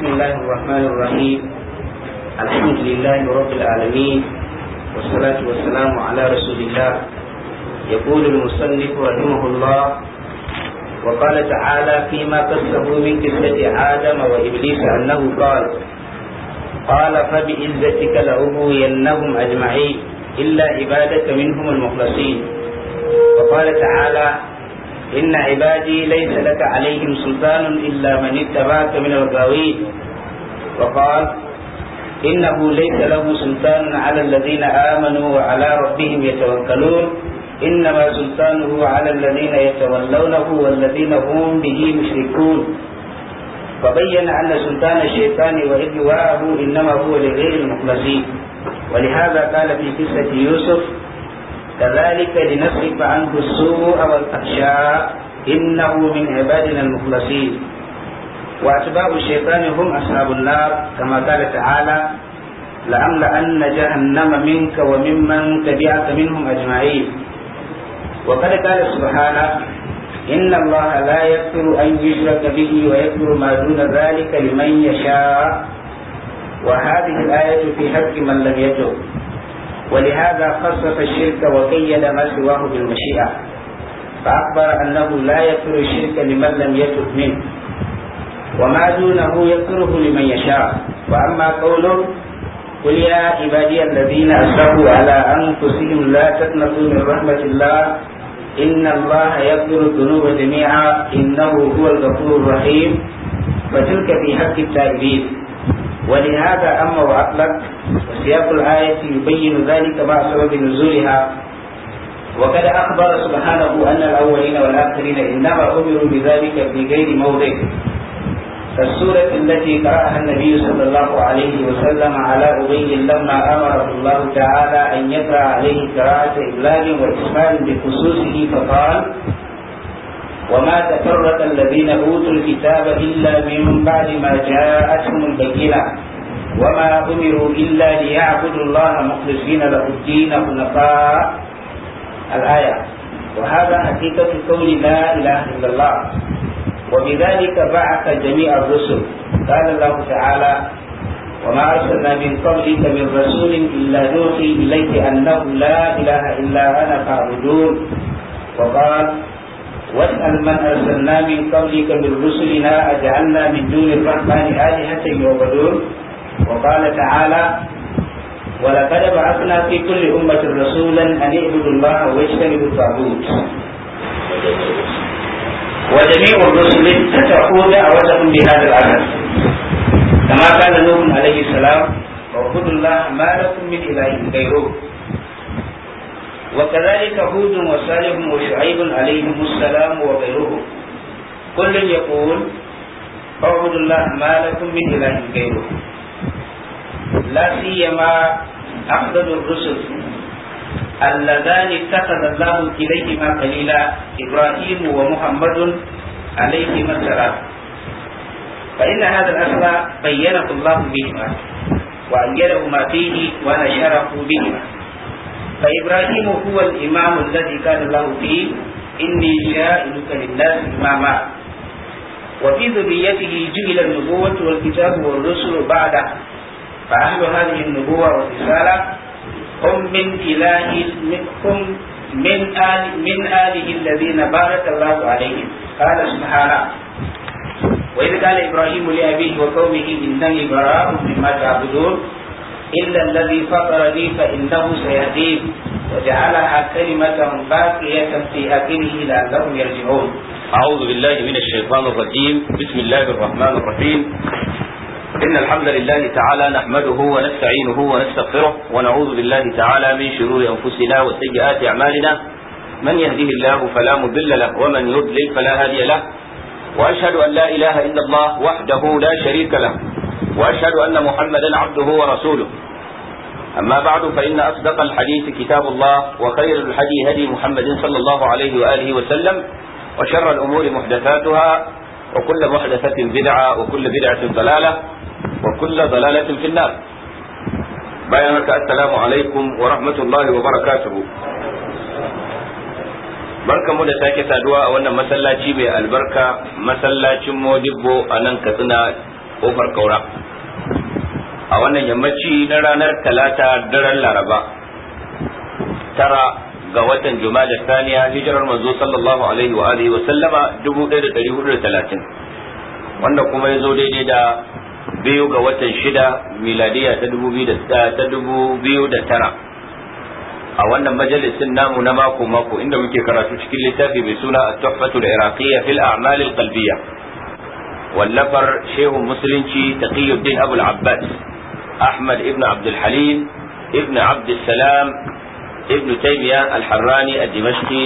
بسم الله الرحمن الرحيم الحمد لله رب العالمين والصلاة والسلام على رسول الله يقول المصنف رحمه الله وقال تعالى فيما قصه من قصة آدم وإبليس أنه قال قال فبعزتك لأغوينهم أجمعين إلا عبادك منهم المخلصين وقال تعالى إن عبادي ليس لك عليهم سلطان إلا من اتبعك من الغاوين وقال إنه ليس له سلطان على الذين آمنوا وعلى ربهم يتوكلون إنما سلطانه على الذين يتولونه والذين هم به مشركون فبين أن سلطان الشيطان وإدواءه إنما هو لغير المخلصين ولهذا قال في قصة يوسف كذلك لنصرف عنه السوء والفحشاء إنه من عبادنا المخلصين وأتباع الشيطان هم أصحاب النار كما قال تعالى لأملأن جهنم منك وممن تبعك منهم أجمعين وقد قال سبحانه إن الله لا يغفر أن يشرك به ويغفر ما دون ذلك لمن يشاء وهذه الآية في حق من لم يتب ولهذا خصص الشرك وقيد ما سواه بالمشيئة فأخبر أنه لا يكره الشرك لمن لم يتب منه وما دونه يكره لمن يشاء وأما قوله قل يا عبادي الذين أسرفوا على أنفسهم لا تقنطوا من رحمة الله إن الله يغفر الذنوب جميعا إنه هو الغفور الرحيم وتلك في حق التائبين ولهذا أما وأطلق وسياق الآية يبين ذلك مع سبب نزولها وقد أخبر سبحانه أن الأولين والآخرين إنما أمروا بذلك في غير موضع فالسورة التي قرأها النبي صلى الله عليه وسلم على أبي لما أمره الله تعالى أن يقرأ عليه قراءة إبلاغ واتصال بخصوصه فقال وما تفرق الذين أوتوا الكتاب إلا من بعد ما جاءتهم البينة وما أمروا إلا ليعبدوا الله مخلصين له الدين حنفاء الآية وهذا حقيقة قول لا إله إلا الله وبذلك بعث جميع الرسل قال الله تعالى وما أرسلنا من قبلك من رسول إلا نوحي إليك أنه لا إله إلا أنا فاعبدون وقال واسأل من أرسلنا من قبلك من رسلنا أجعلنا من دون الرحمن آلهة يعبدون وقال تعالى ولقد بعثنا في كل أمة رسولا أن اعبدوا الله واجتنبوا الطاغوت وجميع الرسل فتحوا دعوتهم بهذا العمل كما قال نوح عليه السلام واعبدوا الله ما لكم من إله غيره وكذلك هود وصالح وشعيب عليهم السلام وغيرهم كل يقول اعبدوا الله ما لكم من اله غيره لا سيما افضل الرسل اللذان اتخذ الله اليهما قليلا ابراهيم ومحمد عليهما السلام فان هذا الاثر بينه الله بهما وانجلهما فيه ونشره بهما فإبراهيم هو الإمام الذي كان الله فيه إني جائلك للناس إماما وفي ذريته جعل النبوة والكتاب والرسل بعده فأهل هذه النبوة والرسالة هم من إله هم من آل من آله الذين بارك الله عليهم قال سبحانه وإذ قال إبراهيم لأبيه وقومه إنني براء مما تعبدون إلا الذي فطر لي فإنه سيهديه وجعلها كلمة باقية في آخره لعلهم يرجعون أعوذ بالله من الشيطان الرجيم بسم الله الرحمن الرحيم إن الحمد لله تعالى نحمده ونستعينه ونستغفره ونعوذ بالله تعالى من شرور أنفسنا وسيئات أعمالنا من يهده الله فلا مضل له ومن يضلل فلا هادي له وأشهد أن لا إله إلا الله وحده لا شريك له وأشهد أن محمدا عبده ورسوله أما بعد فإن أصدق الحديث كتاب الله وخير الحدي هدي محمد صلى الله عليه وآله وسلم وشر الأمور محدثاتها وكل محدثة بدعة وكل بدعة ضلالة وكل ضلالة في النار بيانك السلام عليكم ورحمة الله وبركاته barkamu da sake saduwa a wannan masallaci mai albarka masallacin modibbo a nan katsina kofar kaura a wannan yammaci na ranar talata daren laraba tara ga watan jumada saniya hijirar manzo sallallahu alaihi wa alihi wa sallama 1430 wanda kuma ya zo daidai da biyu ga watan shida miladiya ta 2009 a wannan majalisin namu na mako mako inda muke karatu cikin littafi mai suna at-tuhfatu iraqiyya fil a'mal al-qalbiyya wallafar shehu musulunci taqiyuddin abu al-abbas ahmad ibn abd al-halim ibn abd salam ibn taymiya al-harrani ad-dimashqi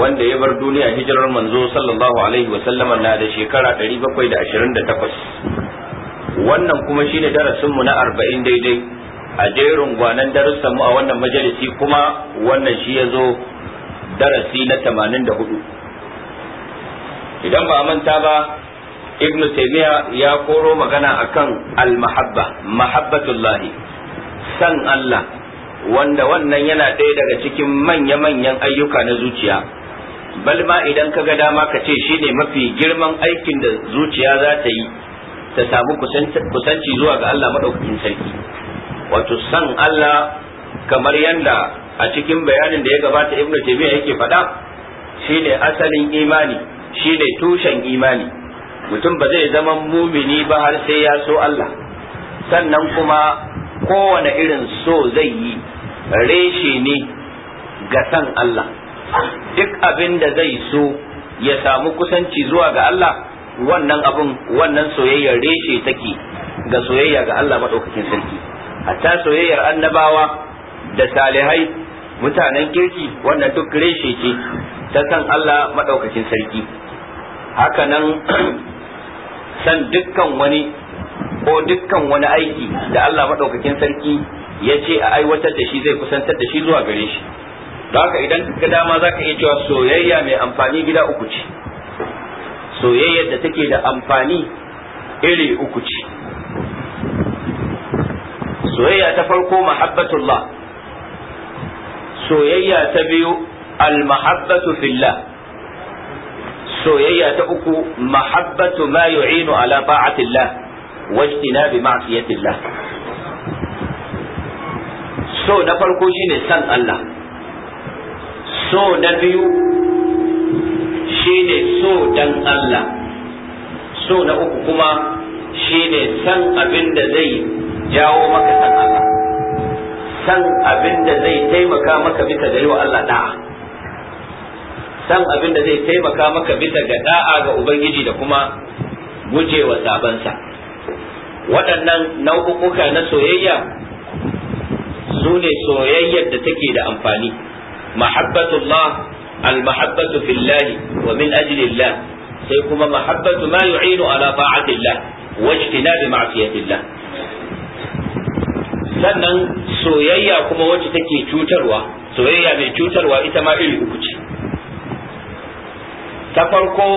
wanda ya bar duniya hijirar manzo sallallahu alaihi wa sallam na da shekara 728 wannan kuma shine darasin mu na 40 daidai a jerin gwanan mu a wannan majalisi kuma wannan shi ya zo darasi na 84 idan ba manta ba ibn taymiya ya koro magana akan al-mahabba mahabbatullahi san Allah wanda wannan yana ɗaya daga cikin manya-manyan ayyuka na zuciya bal ma idan kaga dama ka ce shine mafi girman aikin da zuciya za ta yi ta samu kusanci zuwa ga Allah maɗaukakin sarki wato san Allah kamar yadda a cikin bayanin da ya gabata ibnu Taymiyyah yake faɗa shine asalin imani shine tushen imani mutum ba zai zama mumini ba har sai ya so Allah sannan kuma kowane irin so zai yi reshe ne ga san Allah duk abin da zai so ya samu kusanci zuwa ga Allah wannan abin wannan soyayya reshe take ga soyayya ga Allah maɗaukakin sarki hatta soyayyar annabawa da salihai mutanen kirki wannan duk reshe ce ta san Allah maɗaukakin sarki hakanan san dukkan wani ko dukkan wani aiki da Allah maɗaukakin sarki ya ce a aiwatar da shi zai kusantar da shi zuwa gare shi haka idan ka dama za ka iya cewa soyayya mai amfani gida uku ce soyayyar da take da amfani iri uku ce soyayya ta farko mahabbatullah soyayya ta biyu almahabbatu fillah soyayya ta uku mahabbatu ma yu'inu ala ta'atillah wajtina bi ma'siyatillah so na farko shine san Allah so na biyu shine so dan Allah so na uku kuma shine san abin da zai jawo maka san Allah san abin da zai taimaka maka bisa ga yi wa Allah da'a san abin da zai taimaka maka bisa ga da'a ga ubangiji da kuma gujewa sabansa waɗannan nau'ukuka na soyayya su ne soyayyar da take da amfani mahabbatullah al-mahabbatu fillahi wa min ajlillah sai kuma mahabbatu ma yu'inu ala ta'atillah wa ijtinabi ma'siyatillah sannan soyayya kuma wacce take cutarwa soyayya mai cutarwa ita ma iri uku ce ta farko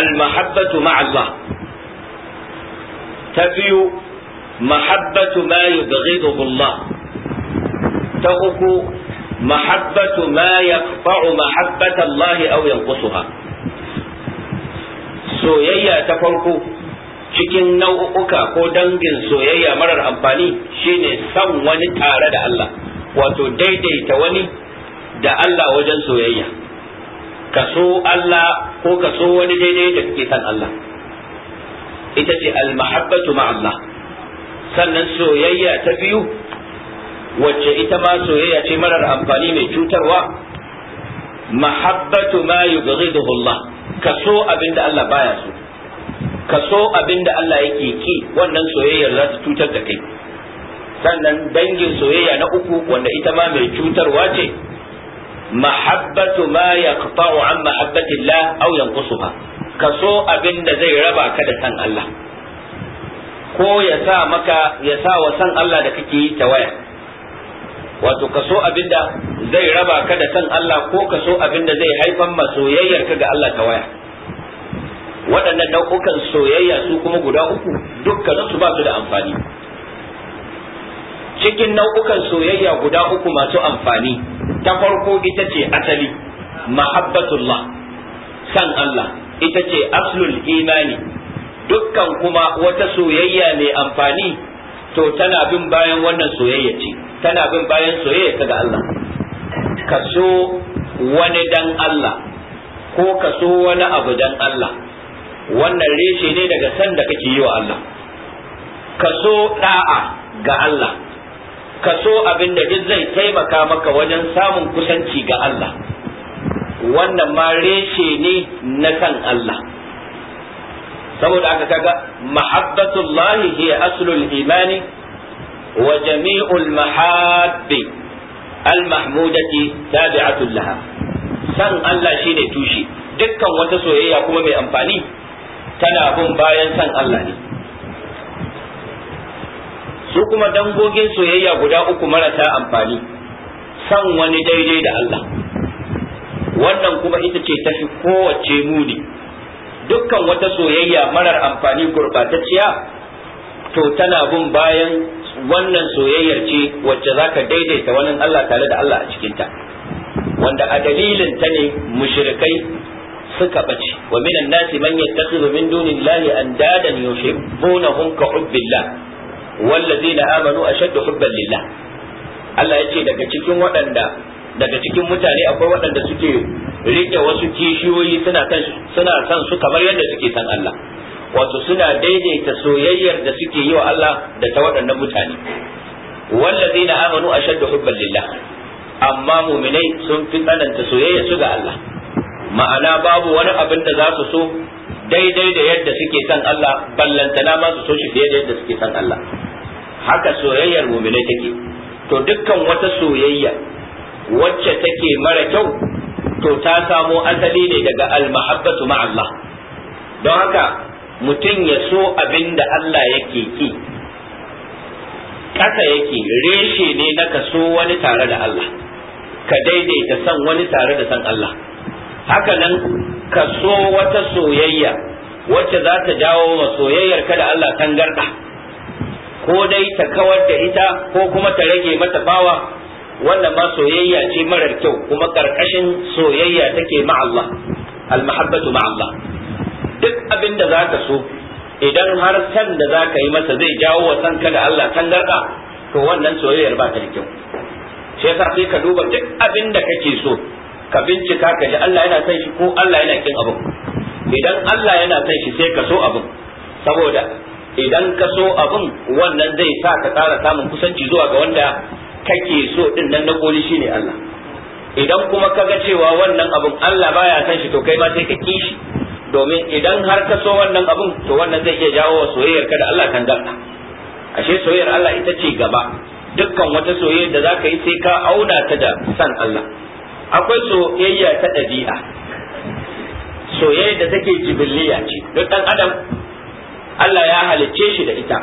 almahabbatu ma'allah ta biyu mahabbatu ma yubghidhu ta uku mahabbatu ma yaqfa'u mahabbata Allah aw yanqusuha soyayya ta farko cikin nau'uka ko dangin soyayya marar amfani shine son wani tare da Allah wato daidaita wani da Allah wajen soyayya ka so Allah ko ka so wani daidai da kake san Allah ita ce almahabbatu ma Allah sannan soyayya ta biyu wacce ita ma soyayya ce marar amfani mai cutarwa mahabbatu ma yubghiduhu Allah ka so abinda Allah baya so ka so abin da Allah yake ki wannan soyayyar za ta cutar da kai sannan dangin soyayya na uku wanda ita ma mai cutarwa ce mahabbatu ma yaqta'u an mahabbatillah aw yanqusuha ka so abin da zai raba ka da san Allah ko ya sa maka ya sa wa san Allah da kake yi ta waya wato ka so abin da zai raba ka da san Allah ko ka so abin da zai haifar ma soyayyar ka ga Allah ta waya waɗannan nau'ukan soyayya su kuma guda uku dukkanin su ba su da amfani cikin nau'ukan soyayya guda uku masu amfani ta farko ita ce asali mahabbatullah san Allah ita ce aslul imani dukkan kuma wata soyayya mai amfani to tana bin bayan wannan soyayya ce tana bin bayan soyayya ta ga Allah ka so wani dan Allah ko ka so wani abu dan Allah wannan reshe ne daga san da kake yi wa Allah kaso da'a ga Allah kaso abin da duk zai taimaka maka wajen samun kusanci ga Allah wannan ma reshe ne na san Allah saboda aka kaga mahabbatullahi hiya aslul imani wa jami'ul mahabbi al-mahmudati tabi'atul laha san Allah shine tushe dukkan wata soyayya kuma mai amfani tana bin bayan san Allah ne su kuma dangogin soyayya guda uku marasa amfani san wani daidai da Allah wannan kuma ita ce tafi kowace muni dukkan wata soyayya marar amfani gurbatacciya to tana bin bayan wannan soyayyar ce wacce zaka daidaita wannan Allah tare da Allah a cikinta wanda a dalilin ta ne mushrikai suka bace wa minan nasi man yattakhidhu min dunillahi andadan yuhibbunahum ka hubbillah wallazina amanu ashaddu hubban lillah Allah ya ce daga cikin waɗanda daga cikin mutane akwai waɗanda suke rike wasu kishiyoyi suna kan suna san su kamar yadda suke san Allah wato suna daidaita soyayyar da suke yi wa Allah da ta waɗannan mutane wallazina amanu ashaddu hubban lillah amma muminai sun fi tsananta soyayya su ga Allah ma'ana babu wani abin da za su so daidai da yadda suke son Allah ballantana ma su so shi fiye da yadda suke san Allah haka soyayyar mu'mini take to dukkan wata soyayya wacce take mara kyau to ta samo asali ne daga al-mahabbatu ma Allah don haka mutum ya so abin da Allah yake ki kasa yake reshe ne na ka so wani tare da Allah ka daidaita san wani tare da san Allah haka nan ka so wata soyayya wacce za ta jawo wa soyayyar kada da Allah tangarda ko dai ta kawar da ita ko kuma ta rage mata bawa wannan ma soyayya ce marar kyau kuma karkashin soyayya take ma Allah almahabbatu ma Allah duk abin da zaka so idan har san da zaka yi masa zai jawo wa sanka da Allah tangarda to wannan soyayyar ba ta da kyau sai sai ka duba duk abin da kake so ka bincika ka ji Allah yana son shi ko Allah yana kin abin idan Allah yana son shi sai ka so abin saboda idan ka so abin wannan zai sa ka tsara samun kusanci zuwa ga wanda kake so din nan na koli shine Allah idan kuma ka ga cewa wannan abin Allah baya son shi to kai ma sai ka ki shi domin idan har ka so wannan abin to wannan zai iya jawo wa soyayyar ka da Allah kan gaba ashe soyayyar Allah ita ce gaba dukkan wata soyayya da zaka yi sai ka auna ta da san Allah akwai soyayya ta ɗabi'a soyayya da take jibiliya ce duk ɗan adam Allah ya halicce shi da ita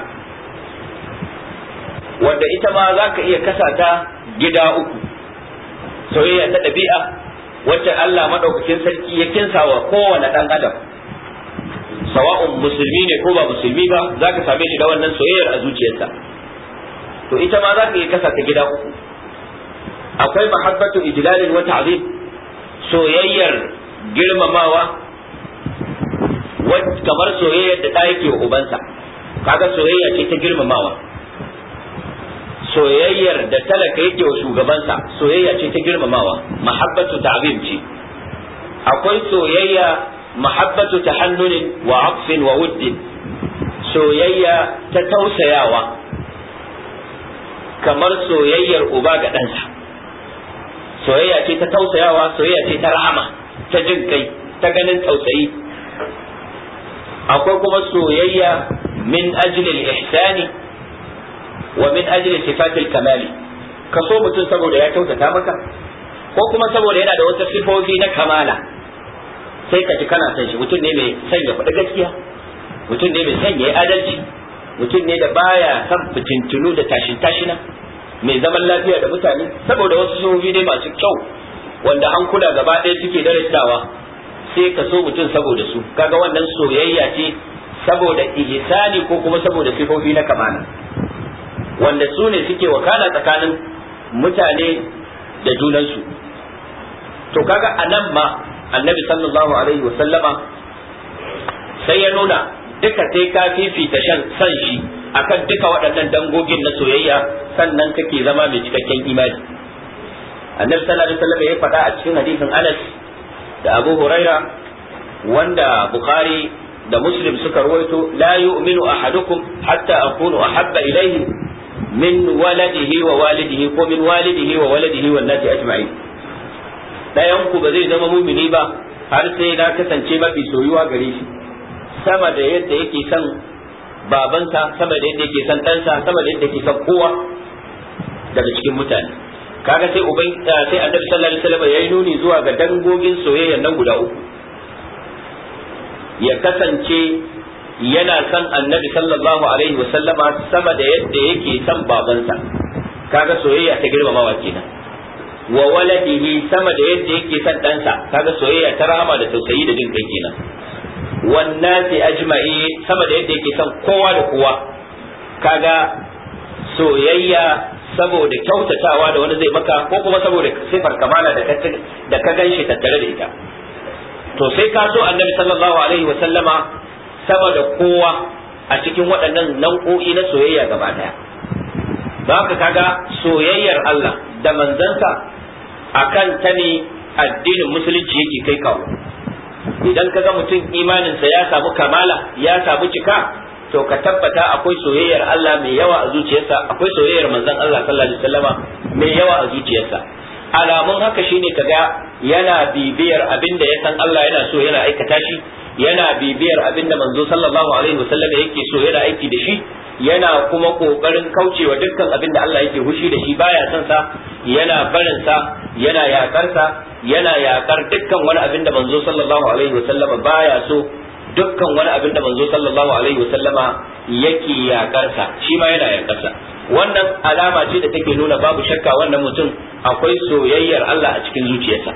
wanda ita ma za ka iya kasa ta gida uku soyayya ta ɗabi'a wacce Allah maɗaukakin sarki ya kinsa wa kowane ɗan adam sawa'un musulmi ne ko ba musulmi ba za ka same shi da wannan soyayyar a zuciyarsa to ita ma za ka iya kasa ta gida uku akwai mahabbatu ijlalin wa ta'zim soyayyar girmamawa kamar soyayyar da ɗaya ke ubansa kaga soyayya ce ta girmamawa soyayyar da talaka yake wa shugabansa soyayya ce ta girmamawa mahabbatu ta'zim ce akwai soyayya mahabbatu tahannunin wa aqfin wa wuddin soyayya ta tausayawa kamar soyayyar uba ga ɗansa soyayya ce ta tausayawa soyayya ce ta rama, ta jin kai ta ganin tausayi akwai kuma soyayya min ajlil ihsani wa min ajli sifatil kamali ka so mutum saboda ya kyautata maka ko kuma saboda yana da wata sifofi na kamala sai ka ji kana san shi mutum ne mai sanya ya gaskiya mutum ne mai sanya ya yi adalci mutum ne da baya son fitintunu da tashin tashina mai zaman lafiya da mutane saboda wasu suhufi ne masu kyau wanda an kula gaba ɗaya suke da darasawa sai ka so mutum saboda su kaga wannan soyayya ce saboda ihsani ko kuma saboda sifofi na kamana wanda su ne suke wakana tsakanin mutane da junansu to kaga anan ma annabi sallallahu alaihi wa sallama sai ya nuna duka sai ka fifita shan san shi akan duka waɗannan dangogin na soyayya sannan kake zama mai cikakken imani annabi sallallahu alaihi wasallam ya faɗa a cikin hadisin Anas da Abu Huraira wanda Bukhari da Muslim suka rawaito la yu'minu ahadukum hatta akunu ahabba ilayhi min waladihi wa walidihi ko min walidihi wa waladihi wa nati ajma'i dayan ku ba zai zama mumini ba har sai na kasance mafi soyuwa gare shi sama da yadda yake son babansa sama da yadda yake son ɗansa sama da yadda yake son kowa daga cikin mutane kaga sai uban ah, sai annabi sallallahu alaihi wasallam yayi nuni zuwa ga dangogin soyayya nan guda uku ya kasance yana son annabi sallallahu alaihi wasallama sama da yadda yake son babansa kaga soyayya ta girmamawa kenan wa waladihi sama da yadda yake son ɗansa kaga soyayya ta rama da tausayi da jin kai kenan wan a ajma'in sama da yadda yake san kowa da kowa kaga soyayya saboda kyautatawa da wani zai maka ko kuma saboda sifar kamala da da ka ganshi tattare da ita to sai ka so annabi sallallahu alaihi wa sallama sama da kowa a cikin waɗannan nau'o'i na soyayya gaba daya ka kaga soyayyar Allah da manzanta akan ta ne addinin musulunci yake kai kawo idan ka ga mutum imaninsa ya samu kamala ya samu cika to ka tabbata akwai soyayyar Allah mai yawa a zuciyarsa akwai soyayyar manzon Allah sallallahu alaihi wasallama mai yawa a zuciyarsa alamun haka shine kaga yana bibiyar abin da ya san Allah yana so yana aikata shi yana bibiyar abin da manzo sallallahu alaihi wasallam yake so yana aiki da shi yana kuma kokarin kaucewa dukkan abin da Allah yake hushi da shi baya son sa yana barin sa yana yakar sa yana yakar dukkan wani abin da manzo sallallahu alaihi wasallam baya so dukkan wani abin da manzo sallallahu alaihi wasallama yake yakar sa shi ma yana yakar sa wannan alama ce da take nuna babu shakka wannan mutum akwai soyayyar Allah a cikin zuciyarsa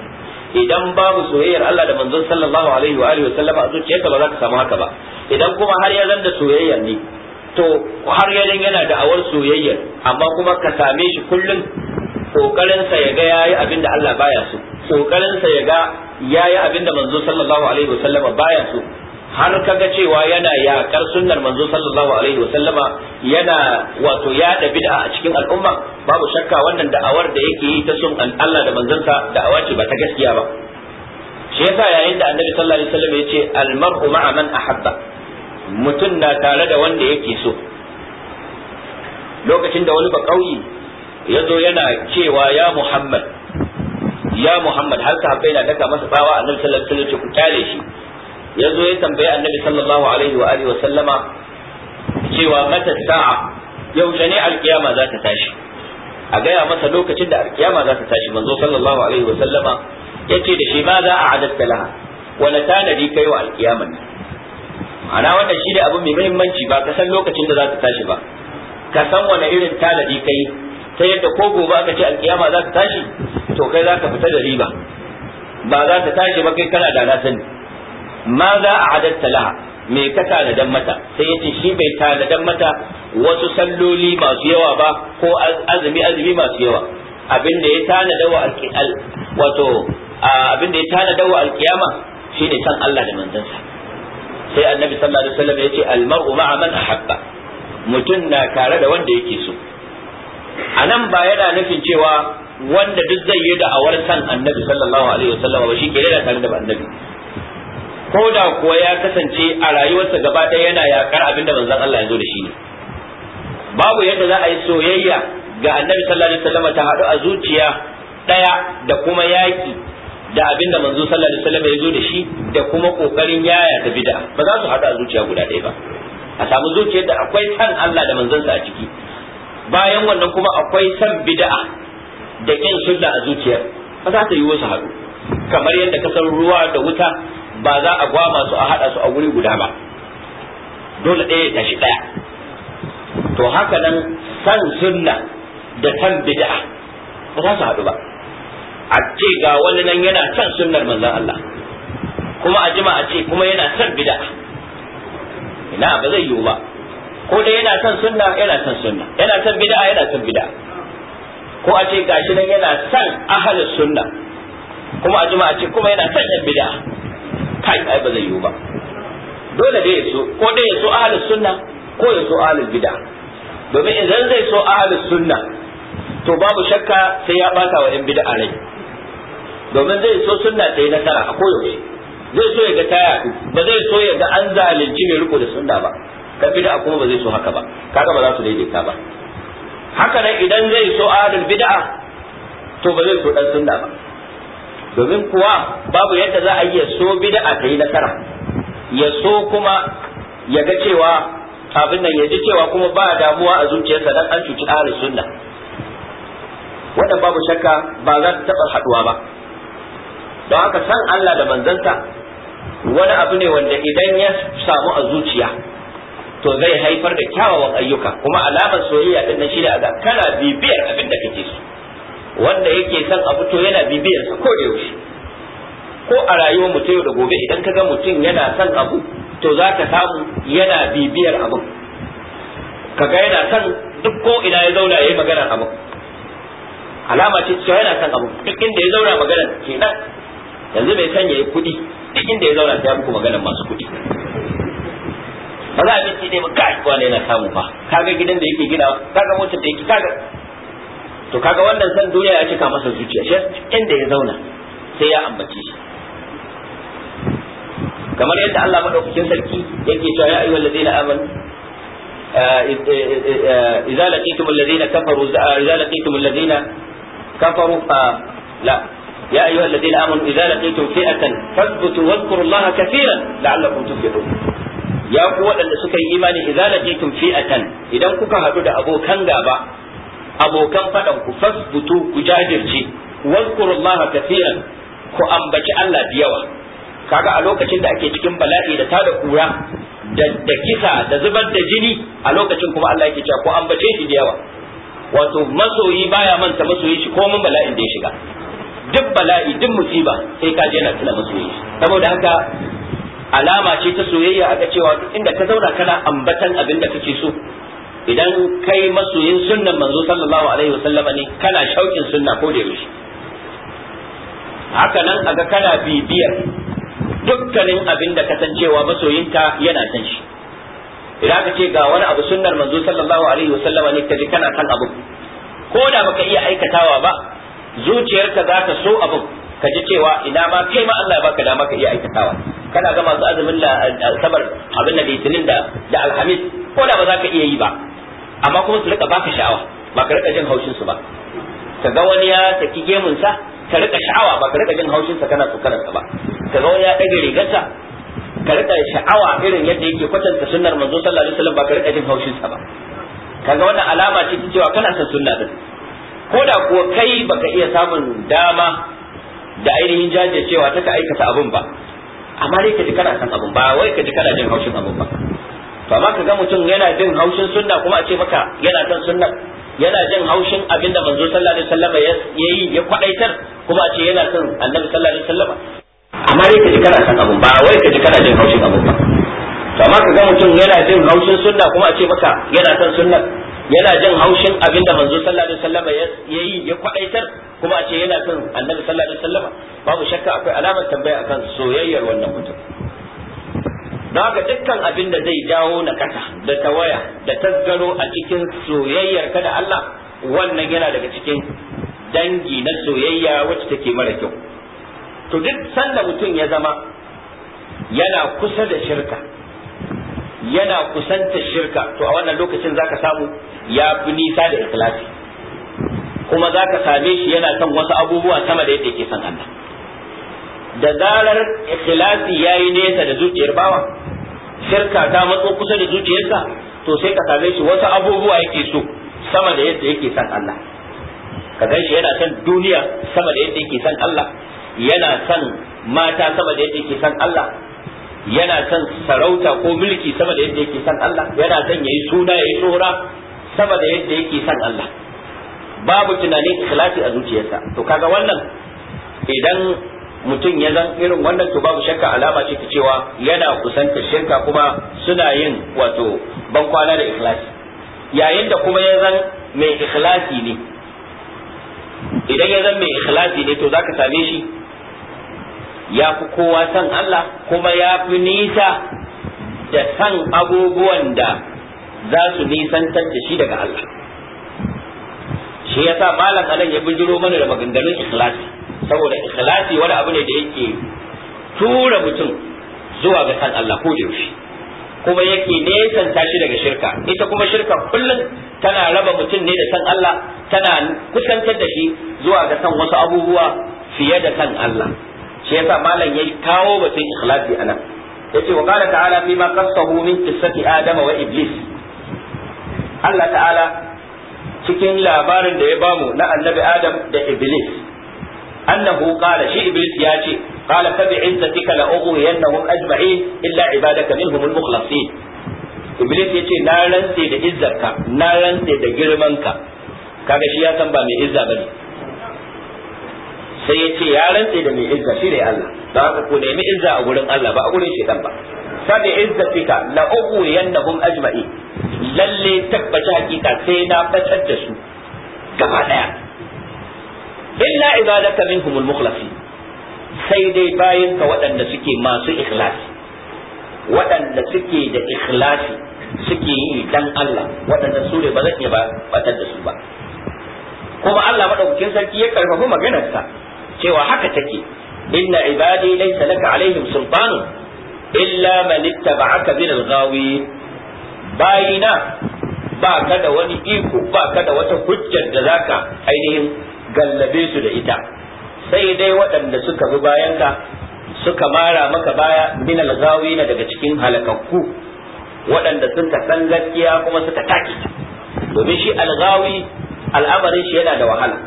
idan babu soyayyar Allah da manzon sallallahu alaihi wa alihi wasallam a zuciyarsa ba za ka samu haka ba idan kuma har ya zanda soyayyar ne to har ya yana da awar soyayyar amma kuma ka same shi kullum kokarinsa ya ga yayi abin da Allah baya so kokarinsa ya ga yayi abin da manzo sallallahu alaihi wasallam baya so har kaga cewa yana yakar sunnar manzo sallallahu alaihi wa sallama yana wato yada bid'a a cikin al'umma babu shakka wannan da'awar da yake yi ta sun Allah da manzansa da'awa ce ba ta gaskiya ba shi yasa yayin da annabi sallallahu alaihi wasallam yace al-mar'u ma'a man ahabba mutum na tare da wanda yake so lokacin da wani ba kauyi ya zo yana cewa ya Muhammad ya Muhammad har sahabbai na daka masa bawa annabi sallallahu alaihi wasallam ku kyale shi ya zo ya tambayi annabi sallallahu alaihi wa alihi wa sallama cewa mata sa'a yaushe ne alkiyama za ta tashi a gaya masa lokacin da alkiyama za ta tashi manzo sallallahu alaihi wa sallama yace da shi ma za a adatta laha wala tanadi kai wa alkiyama ana wannan shi da abu mai muhimmanci ba ka san lokacin da za ta tashi ba ka san wani irin tanadi kai ta yadda ko gobe aka ce alkiyama za ta tashi to kai za ka fita da riba ba za ta tashi ba kai kana da na sani ma za a hadatta laha me ka tanadan mata sai yace shi bai tanadan mata wasu salloli masu yawa ba ko azumi azumi masu yawa abinda ya tanada wa wato abinda ya tanada wa alkiyama shine san Allah da manzansa sai annabi sallallahu alaihi wasallam yace almar'u ma'a man ahabba mutum na tare da wanda yake so anan ba yana nufin cewa wanda duk zai yi da'awar san annabi sallallahu alaihi wasallam ba shi ke da tare da annabi ko da kuwa ya kasance a rayuwarsa gaba ɗaya yana yakar abin da manzon Allah ya zo da shi ne babu yadda za a yi soyayya ga annabi sallallahu alaihi wasallam ta haɗu a zuciya ɗaya da kuma yaƙi da abin da manzo sallallahu alaihi wasallam ya zo da shi da kuma kokarin yaya ta bid'a ba za su haɗu a zuciya guda ɗaya ba a samu zuciyar da akwai san Allah da manzansa a ciki bayan wannan kuma akwai san bid'a da kin sunna a zuciyar ba za ta yi wasu haɗu kamar yadda kasar ruwa da wuta ba za a gwama su a haɗa su a wuri guda ba dole ɗaya tashi ɗaya to haka nan san sunna da san bid'a ba za su haɗu ba a ce ga wani nan yana san sunnar manzon Allah kuma a jima a ce kuma yana san bid'a ina ba zai yiwu ba ko dai yana san sunna yana san sunna yana san bid'a yana san bid'a ko a ce gashi nan yana san ahlus sunna kuma a jima a ce kuma yana san bid'a kai ai ba zai yiwu ba dole dai ya so ko dai ya so ahlus sunna ko ya so ahlul bid'a domin idan zai so ahlus sunna to babu shakka sai ya bata wa yan bid'a rai domin zai so sunna ta yi nasara a koyaushe zai so ya ga taya ba zai so ya ga an zalunci mai riko da sunna ba dan bid'a kuma ba zai so haka ba kaga ba za su daidaita ba haka nan idan zai so ahlul bid'a to ba zai so dan sunna ba domin kuwa babu yadda za a yi ya so bid'a ta yi nasara ya so kuma ya ga cewa abin nan ya ji cewa kuma ba damuwa a zuciyarsa dan an cuci ahlus sunna wanda babu shakka ba za ta taba haduwa ba don haka san Allah da manzanta wani abu ne wanda idan ya samu a zuciya to zai haifar da kyawawan ayyuka kuma alamar soyayya din nan shi a kana bibiyar abin da kake so wanda yake son a fito yana bibiyar sa ko da yaushe ko a rayuwar mutum yau da gobe idan ka ga mutum yana son abu to za ka samu yana bibiyar abin kaga yana son duk ko ina ya zauna ya yi maganar abin alama ce cewa yana son abin duk inda ya zauna maganar kenan yanzu bai sanya ya kuɗi duk inda ya zauna ya muku maganar masu kuɗi ba za a bi ne ba kai kwana yana samu ba kaga gidan da yake gina kaga motar da yake kaga to kaga wannan san duniya ya cika masa zuciya shi inda ya zauna sai ya ambace shi kamar yadda Allah madaukakin sarki yake cewa ya ayyuhal ladina amanu idza laqitum alladhina kafaru idza laqitum alladhina kafaru la يا أيها الذين آمنوا إذا لقيتم فئة فاثبتوا واذكروا الله كثيرا لعلكم تفلحون يا قوة أن سكر إيماني إذا لقيتم فئة إذا كنت هدود abokan faɗan ku fasbutu ku jajirce wazkurullaha kaseeran ku ambaci Allah da yawa kaga a lokacin da ake cikin bala'i da tada kura da kisa da zubar da jini a lokacin kuma Allah yake cewa ku ambace shi da yawa wato masoyi baya manta masoyi shi ko mun bala'in da ya shiga duk bala'i duk musiba sai ka je na tuna masoyi saboda haka alama ce ta soyayya aka cewa inda ka zauna kana ambatan abin da kake so idan kai masoyin sunnan manzo sallallahu alaihi wasallam ne kana shaukin sunna ko da yaushe haka nan aga kana bibiyar dukkanin abin da kasancewa masoyinta yana san shi idan aka ce ga wani abu sunnar manzo sallallahu alaihi wasallam ne kaje kana kan abu ko da baka iya aikatawa ba zuciyarka za ta so abu ka cewa ina ma kai ma Allah ya baka dama ka iya aikatawa kana ga masu azumin da sabar abin da litinin da da alhamis ko da ba za ka iya yi ba amma kuma su rika baka sha'awa ba ka rika jin haushin su ba ka ga wani ya saki gemun sa ka rika sha'awa ba ka rika jin haushin sa kana tsokarar ba ka ga wani ya dage sa ka rika sha'awa irin yadda yake kwatanta sunnar manzo sallallahu alaihi wasallam ba ka rika jin haushin sa ba ga wannan alama ce ta cewa kana son sunna din ko da kuwa kai baka iya samun dama da ainihin jajircewa ta ka aikata abin ba amma dai ka ji kana son abin ba wai ka ji kana jin haushin abin ba to amma kaga mutum yana jin haushin sunna kuma a ce maka yana kan sunna yana jin haushin abinda manzo sallallahu alaihi wasallam ya yi ya kwadaitar kuma a ce yana kan annabi sallallahu alaihi wasallam amma dai kaji kana san abun ba wai kaji kana jin haushin abun ba to amma kaga mutum yana jin haushin sunna kuma a ce maka yana kan sunna yana jin haushin abinda manzo sallallahu alaihi wasallam ya yi ya kwadaitar kuma a ce yana kan annabi sallallahu alaihi wasallam babu shakka akwai alamar tambaya akan soyayyar wannan mutum don ga dukkan abin da zai jawo na kasa da tawaya da tasgaro a cikin soyayyar ka da Allah wannan yana daga cikin dangi na soyayya wacce take mara kyau to duk sanda mutum ya zama yana kusa da shirka yana kusanta shirka to a wannan lokacin zaka samu ya fi nisa da ikhlasi kuma zaka same shi yana son wasu abubuwa sama da yadda yake son Allah da zarar ikhlasi yayi nesa da zuciyar bawa shirka ta matso kusa da zuciyarsa to sai ka same shi wasu abubuwa yake so sama da yadda yake son Allah ka gan shi yana son duniya sama da yadda yake son Allah yana son mata sama da yadda yake son Allah yana son sarauta ko mulki sama da yadda yake son Allah yana son yayi suna yayi tsora sama da yadda yake son Allah babu tunanin ikhlasi a zuciyarsa to kaga wannan idan mutum ya zan irin wannan to babu shakka alama ce ta cewa yana kusantar shirka kuma suna yin wato ban kwana da ikhlasi yayin da kuma ya zan mai ikhlasi ne idan ya zan mai ikhlasi ne to zaka same shi ya fi kowa san Allah kuma ya fi nisa da san abubuwan da za su nisantar da shi daga Allah shi sa malam anan ya bijiro mana da maganganun ikhlasi saboda ikhlasi wani abu ne da yake tura mutum zuwa ga san Allah ko da yaushe kuma yake nesan shi daga shirka ita kuma shirka kullum tana raba mutum ne da san Allah tana kusantar da shi zuwa ga san wasu abubuwa fiye da san Allah shi yasa malam ya kawo batun ikhlasi anan yace wa qala ta'ala fi ma qassahu min qissati adam wa iblis Allah ta'ala cikin labarin da ya bamu na annabi adam da iblis annahu qala shi iblis ya ce qala fa bi'izzatika la ughwiyannahum ajma'in illa ibadaka minhum al-mukhlasin iblis ya ce na rantse da izzarka na rantse da girman ka. kaga shi ya san ba mai izza bane sai ya ce ya rantse da mai izza shi ne Allah Ba haka ku nemi izza a gurin Allah ba a gurin shedan ba sabi izzatika la ughwiyannahum ajma'in lalle tabbata hakika sai na batar da su gaba daya illa ibadaka minhumul mukhlasin sai dai bayan ka waɗanda suke masu ikhlasi waɗanda suke da ikhlasi suke yi dan Allah waɗanda su ne ba zan iya batar da su ba kuma Allah madaukakin sarki ya karfafa maganarsa cewa haka take inna ibadi laysa laka alaihim sultanu illa man ittaba'aka min al-ghawi bayina ba ka da wani iko ba ka da wata hujjar da zaka ainihin gallabe su da ita sai dai waɗanda suka bi bayanka suka mara maka baya min na daga cikin halakakku waɗanda suka san gaskiya kuma suka take domin shi algawi al'amarin shi yana da wahala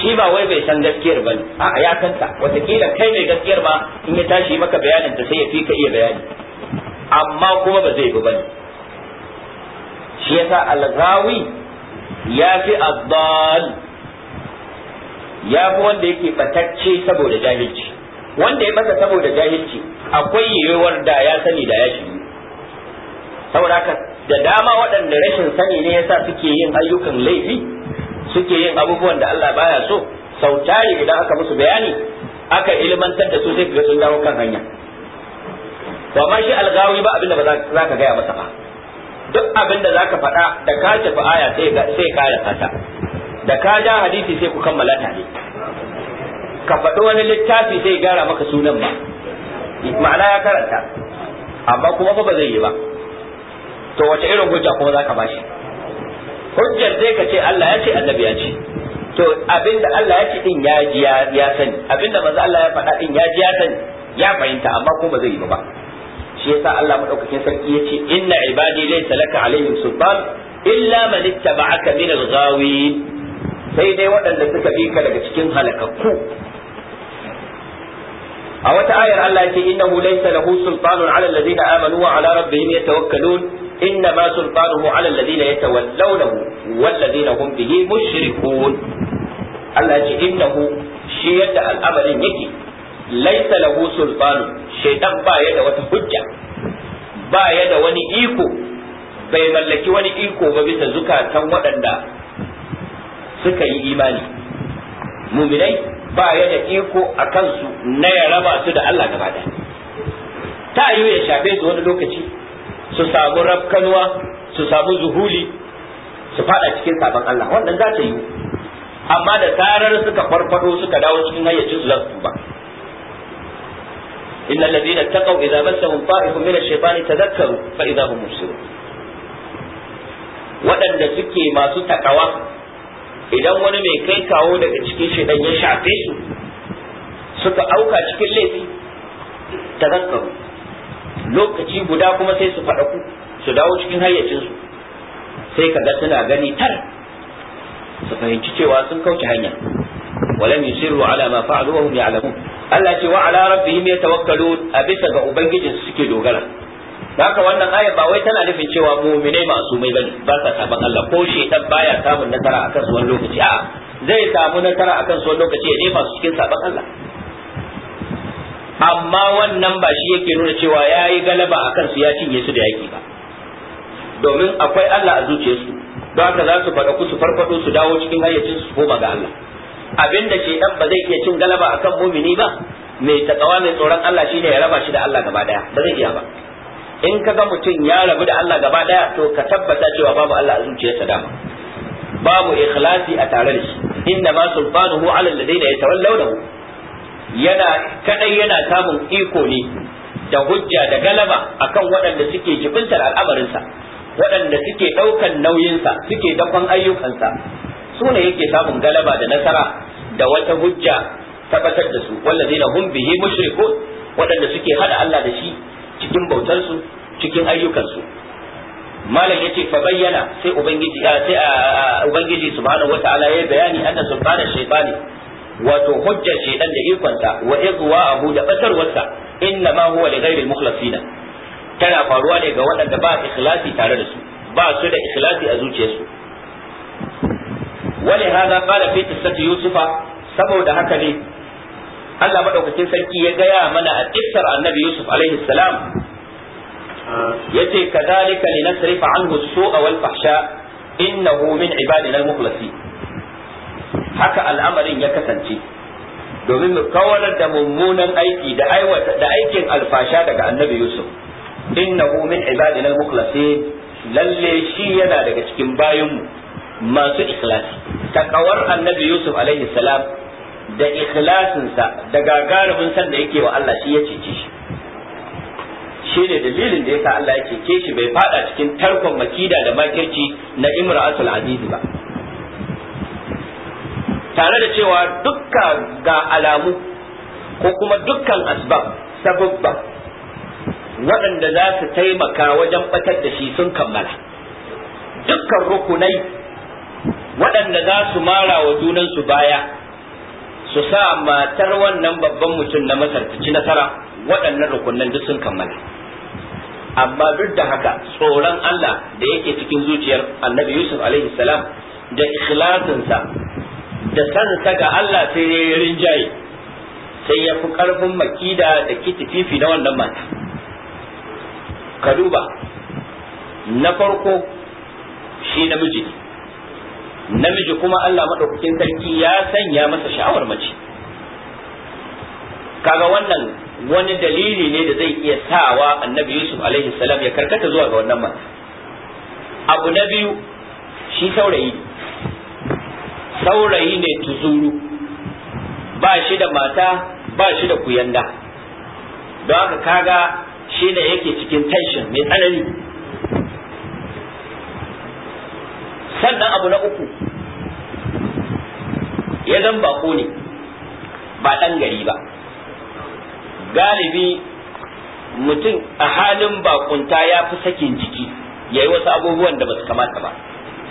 shi ba wai bai san gaskiyar ba ne a ya kanta watakila kai mai gaskiyar ba in ya tashi maka bayanin ta sai ya fi ka iya bayani amma kuma ba zai bi ba ne shi yasa algawi ya fi addal ya fi wanda yake batacce saboda jahilci wanda ya bata saboda jahilci akwai yiwuwar da ya sani da ya shiru saboda haka da dama waɗanda rashin sani ne yasa suke yin ayyukan laifi suke yin abubuwan da Allah baya so sautari idan aka musu bayani aka ilmantar da su sai ka sun dawo kan hanya to amma shi algawi ba abinda ba za ka gaya masa ba duk abinda zaka za ka faɗa da ka tafi aya sai ka ya da ka ja hadisi sai ku kammala tare ka faɗi wani littafi sai gara maka sunan ba ma'ana ya karanta amma kuma ba zai yi ba to wace irin hujja kuma za ka bashi hujjar sai ka ce Allah ya ce annabi ya ce to abinda Allah ya ce din ya ji ya sani abinda manzo Allah ya faɗa din ya ji ya sani ya fahimta amma kuma ba zai yi ba shi yasa Allah madaukakin sarki ya ce inna ibadi laysa laka alaihim sultan illa man ittaba'aka min al-ghawin sai dai waɗanda suka bi ka daga cikin halakakku a wata ayar Allah ce innahu laysa lahu sultanun ala alladhina amanu wa ala rabbihim yatawakkalun inna ma sultanuhu ala alladhina yatawallawnahu wal ladina hum bihi mushrikun Allah ce innahu shi yadda al'amarin yake laysa lahu sultanun shaytan ba ya da wata hujja ba ya da wani iko bai mallaki wani iko ba bisa zukatan waɗanda suka yi imani muminai ba ya da iko a kansu na ya raba su da Allah gaba da. ta yi ya shafe su wani lokaci su samu rafkanuwa su samu zuhuli su fada cikin sabon Allah wannan za ta yi amma da tarar suka farfado suka dawo cikin hayyacin su za su tuba taqaw الذين اتقوا ta'ifun min ash من tadhakkaru fa فإذا hum مبصرون waɗanda suke masu takawa idan wani mai kai kawo daga cikin shaidan ya shafe su suka auka cikin laifi tazakkaru lokaci guda kuma sai su faɗaku su dawo cikin hayyacinsu sai ka ga suna gani tar su fahimci cewa sun kauce hanya walam yusiru ala ma fa'alu wa hum ya'lamun Allah ce wa ala rabbihim yatawakkalun a bisa ga ubangijinsu suke dogara haka wannan aya ba wai tana nufin cewa mu'minai mai bane ba sa saban Allah ko shedan baya samun nasara akan su wani lokaci a zai samu nasara akan su wani lokaci ya nema su cikin saban Allah amma wannan ba shi yake nuna cewa yayi galaba akan su ya cinye su da yaki ba domin akwai Allah a zuciyarsu don haka za su faɗaku su farfaɗo su dawo cikin hayyacin su koma ga Allah abinda shedan ba zai iya cin galaba akan mumini ba mai takawa mai tsoron Allah shine ya raba shi da Allah gaba daya ba zai iya ba in ka ga mutum ya rabu da Allah gaba daya to ka tabbata cewa babu Allah a zuciyarsa dama babu ikhlasi a tare da shi inna ma sulfanuhu ala alladheena yatawallawnahu yana kadai yana samun iko ne da hujja da galaba akan waɗanda suke jibintar al'amarinsa waɗanda suke ɗaukan nauyinsa suke dakon ayyukansa su ne yake samun galaba da nasara da wata hujja tabbatar da su wallazina hum bihi mushrikun waɗanda suke hada Allah da shi cikin bautarsu cikin ayyukansu malam ya ce fa bayyana sai ubangiji sai ubangiji subhanahu wataala ya bayani anna sulbana shaytani wato hujjar shaytan da ikonta wa Abu da batarwarsa inna ma huwa li ghairi mukhlasina tana faruwa ne ga waɗanda ba ikhlasi tare da su ba su da ikhlasi a zuciyarsu wali hada qala fi qissati yusufa saboda haka ne Allah madaukakin sarki ya gaya mana a kissar annabi Yusuf alaihi salam Ya ce yace kadhalika linasrifa anhu as a wal fahsha innahu min ibadina al-mukhlasin haka al'amarin ya kasance domin mu kawar da mummunan aiki da aiwata da aikin alfasha daga annabi Yusuf innahu min ibadina al-mukhlasin lalle shi yana daga cikin bayanmu. masu ikhlasi kawar annabi Yusuf alaihi salam da ikhlasinsa da gagarumin san da yake wa Allah shi ya cece shi shi ne dalilin da yasa Allah ya cece shi bai fada cikin tarkon makida da makirci na imra'atul azizi ba tare da cewa dukkan ga alamu ko kuma dukkan asbab sababba waɗanda za su taimaka wajen batar da shi sun kammala dukkan rukunai waɗanda za su mara wa junansu baya su sa matar wannan babban mutum na masar ci nasara waɗannan rukunan duk sun kammala amma duk da haka tsoron Allah da yake cikin zuciyar annabi Yusuf alaihi salam da ikhlasinsa da sansa ga Allah sai ya rinjaye sai ya fi ƙarfin makida da kitififi na wannan mata ka duba na farko shi namiji ne namiji kuma Allah madaukakin sarki ya sanya masa sha'awar mace kaga wannan wani dalili ne da zai iya sawa annabi Yusuf alaihi salam ya karkata zuwa ga wannan mata abu na biyu shi saurayi saurayi ne tuzuru ba shi da mata ba shi da kuyanda don haka kaga shi ne yake cikin tension mai tsanani sannan abu na uku ya zan bako ne ba ɗan gari ba galibi mutum a halin bakunta ya fi sakin jiki ya wasu abubuwan da basu kamata ba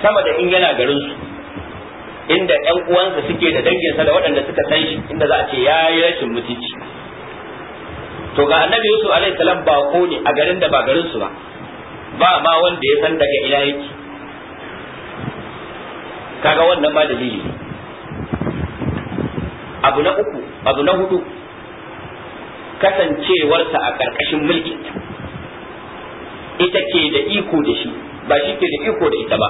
sama da in yana garinsu inda ‘yan uwansa suke da danginsa da waɗanda suka san shi inda za a ce ya yi rashin mutunci to ga annabi yusuf alaihi salam ko ne a garin da ba garinsu ba ba ma wanda ya san daga ina yake kaga wannan ma dalili abu na uku abu na hudu kasancewarsa a ƙarƙashin mulkinta ita ke da iko da shi ba shi ke da iko da ita ba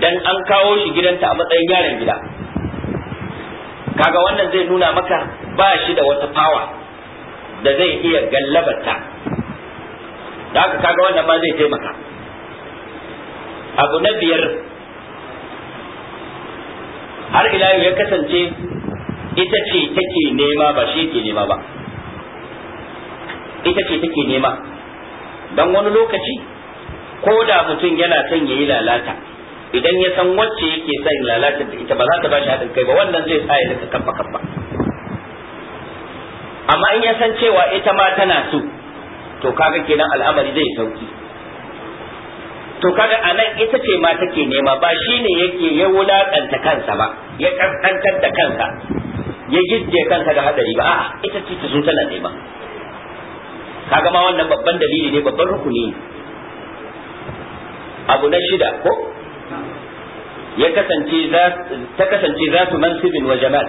dan an kawo shi gidanta a matsayin yaron gida kaga wannan zai nuna maka ba shi da wata fawa da zai iya gallabarta da haka kaga wannan ma zai taimaka abu na biyar har ila ya kasance ita ce take nema ba shi ke nema ba ita ce take nema don wani lokaci ko da mutum yana son ya yi lalata idan ya san wacce yake son lalata da ita ba za ta ba shi haɗin kai ba wannan zai sa ya rika kamfa kamfa amma in ya san cewa ita ma tana so to kaga kenan al'amari zai sauki to kaga anan ita ce ma take nema ba shine yake ya wulakanta kansa ba ya kaskantar da kansa ya gidje kanka ga hadari ba a'a ita ce ta zo tana ba. kaga ma wannan babban dalili ne babban rukuni abu na shida ko ya kasance za ta kasance za su mansibin wa jamal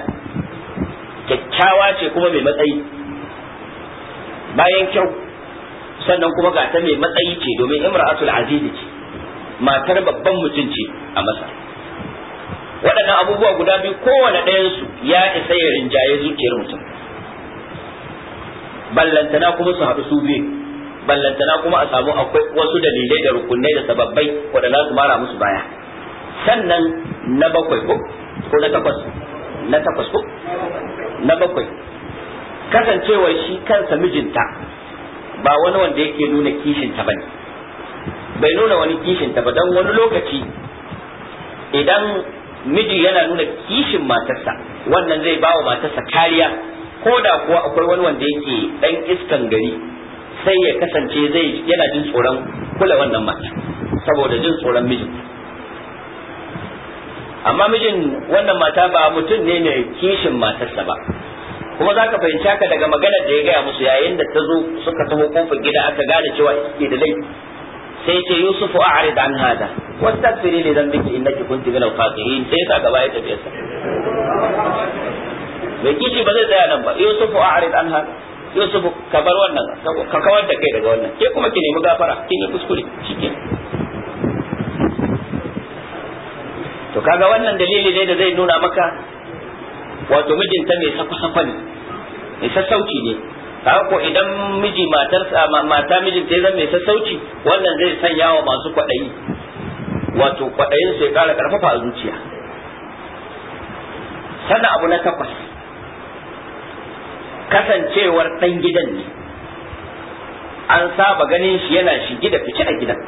kyakkyawa ce kuma mai matsayi bayan kyau sannan kuma ga ta mai matsayi ce domin imra'atul azizi ce matar babban mutunci a masar waɗannan abubuwa guda biyu kowane ɗayansu ya isa ya rinjaye zuciyar mutum ballantana kuma su haɗu su biyu ballantana kuma a samu akwai wasu dalilai da rukunai da sababbai waɗanda su mara musu baya sannan na bakwai ko ko na takwas na takwas ko na bakwai kasancewar shi kansa mijinta ba wani wanda yake nuna kishinta bane bai nuna wani kishinta ba don wani lokaci idan miji yana nuna kishin matarsa wannan zai bawa matarsa kariya ko da kuwa akwai wani wanda yake dan iskan gari sai ya kasance zai yana jin tsoron kula wannan mata saboda jin tsoron mijin amma mijin wannan mata ba mutum ne mai kishin matarsa ba kuma za ka fahimci haka daga maganar da ya gaya musu yayin da ta zo suka taho kofar gida aka gane cewa ke da laifi sai ce yusuf a a'rid an hada wastaghfiri li dhanbiki innaki kunti minal khatirin sai ka gaba ya tafi sa Mai kishi ba zai tsaya nan ba yusuf a a'rid an hada yusuf ka bar wannan ka kawar da kai daga wannan ke kuma ki nemi gafara Ki ne kuskure shikenan to kaga wannan dalili ne da zai nuna maka wato mijinta mai sakwa-sakwa ne mai sassauci ne ko idan miji matarsa ah, mata mijin ta zama mai sassauci wannan zai sanya wa masu kwaɗayi wato kwadayin su ya ƙara ƙarfafa a zuciya sannan abu na takwas kasancewar ɗan gidan ne an saba ganin shi yana shige da fice a gidan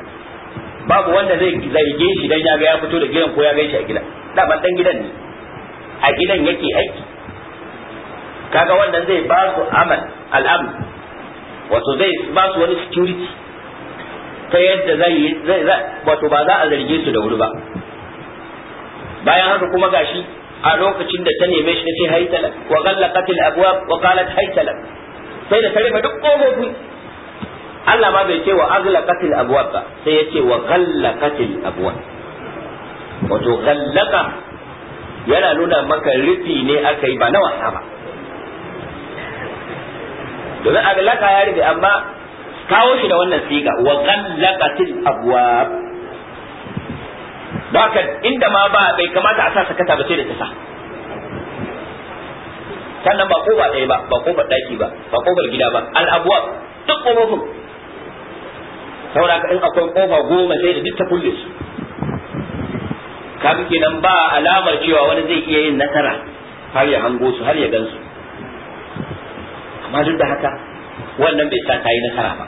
babu wanda zai zarge shi dan ya ga ya fito da gidan ko ya gaishe a gidan daban ɗan gidan ne a gidan yake aiki kaga wannan zai ba su amal al'am wato zai ba su wani security ta yadda zai yi wato ba za a zarge su da wuri ba bayan haka kuma gashi a lokacin da ta neme shi tace haitala wa ghallaqat al-abwab wa qalat haitala sai da ta rufe duk kofofi Allah ma bai ce wa aghlaqat al-abwab ba sai ya ce wa ghallaqat al-abwab wato ghallaqa yana nuna maka rufi ne aka yi ba na wasa ba domin laka ya rufe amma kawo shi da wannan siga wa ghallaqatil abwab dakan inda ma ba bai kamata a sa sakata ba sai da tasa sannan ba ko ba ɗaya ba ba ba ɗaki ba ba ba gida ba al'abuwa duk kofofin saboda in akwai kofa goma sai da duk ta kulle su kaga kenan ba alamar cewa wani zai iya yin nasara har ya hango su har ya gan su amma duk da haka wannan bai sa ta yi nasara ba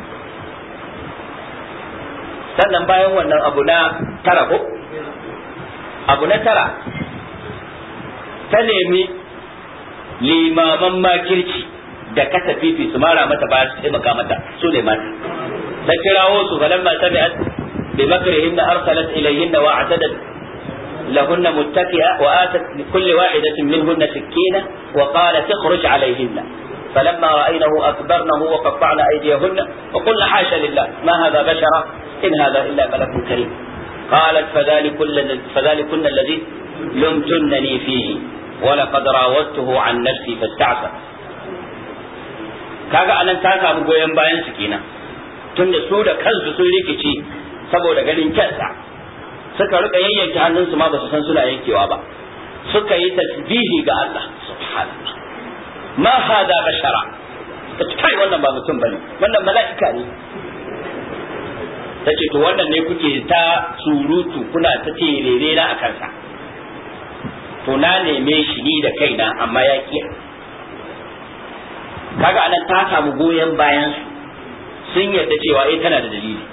sannan bayan wannan abu na tara ko abu na tara ta nemi limaman makirci da kasafi fi su mara mata ba su taimaka mata su ne mata ta kirawo su ga lamba ma sami'at bi makrihin da arsalat ilayhinna wa atadat lahunna muttaqiya wa atat kulli wahidatin minhunna sikkina wa qalat ikhruj alayhinna فلما رأينه أكبرنه وقطعنا أيديهن وقلنا حاشا لله ما هذا بشرة إن هذا إلا ملك كريم قالت فذلكن الذي لمتنني فيه ولقد راودته عن نفسي فاستعصى كاغا أنا تاكا أبو باين سكينة tun da su da kansu sun rikici saboda ganin kyansa suka rika yayyanke hannunsu ma ba su san suna yankewa ba suka yi tasbihi ga Allah subhanallah ma hada bashara ta ce kai wannan ba mutum bane wannan mala'ika ne ta to wannan ne kuke ta surutu kuna ta tirere na a kansa to na neme shi ni da kaina amma ya ki kaga anan ta samu goyon bayan su sun yarda cewa eh tana da dalili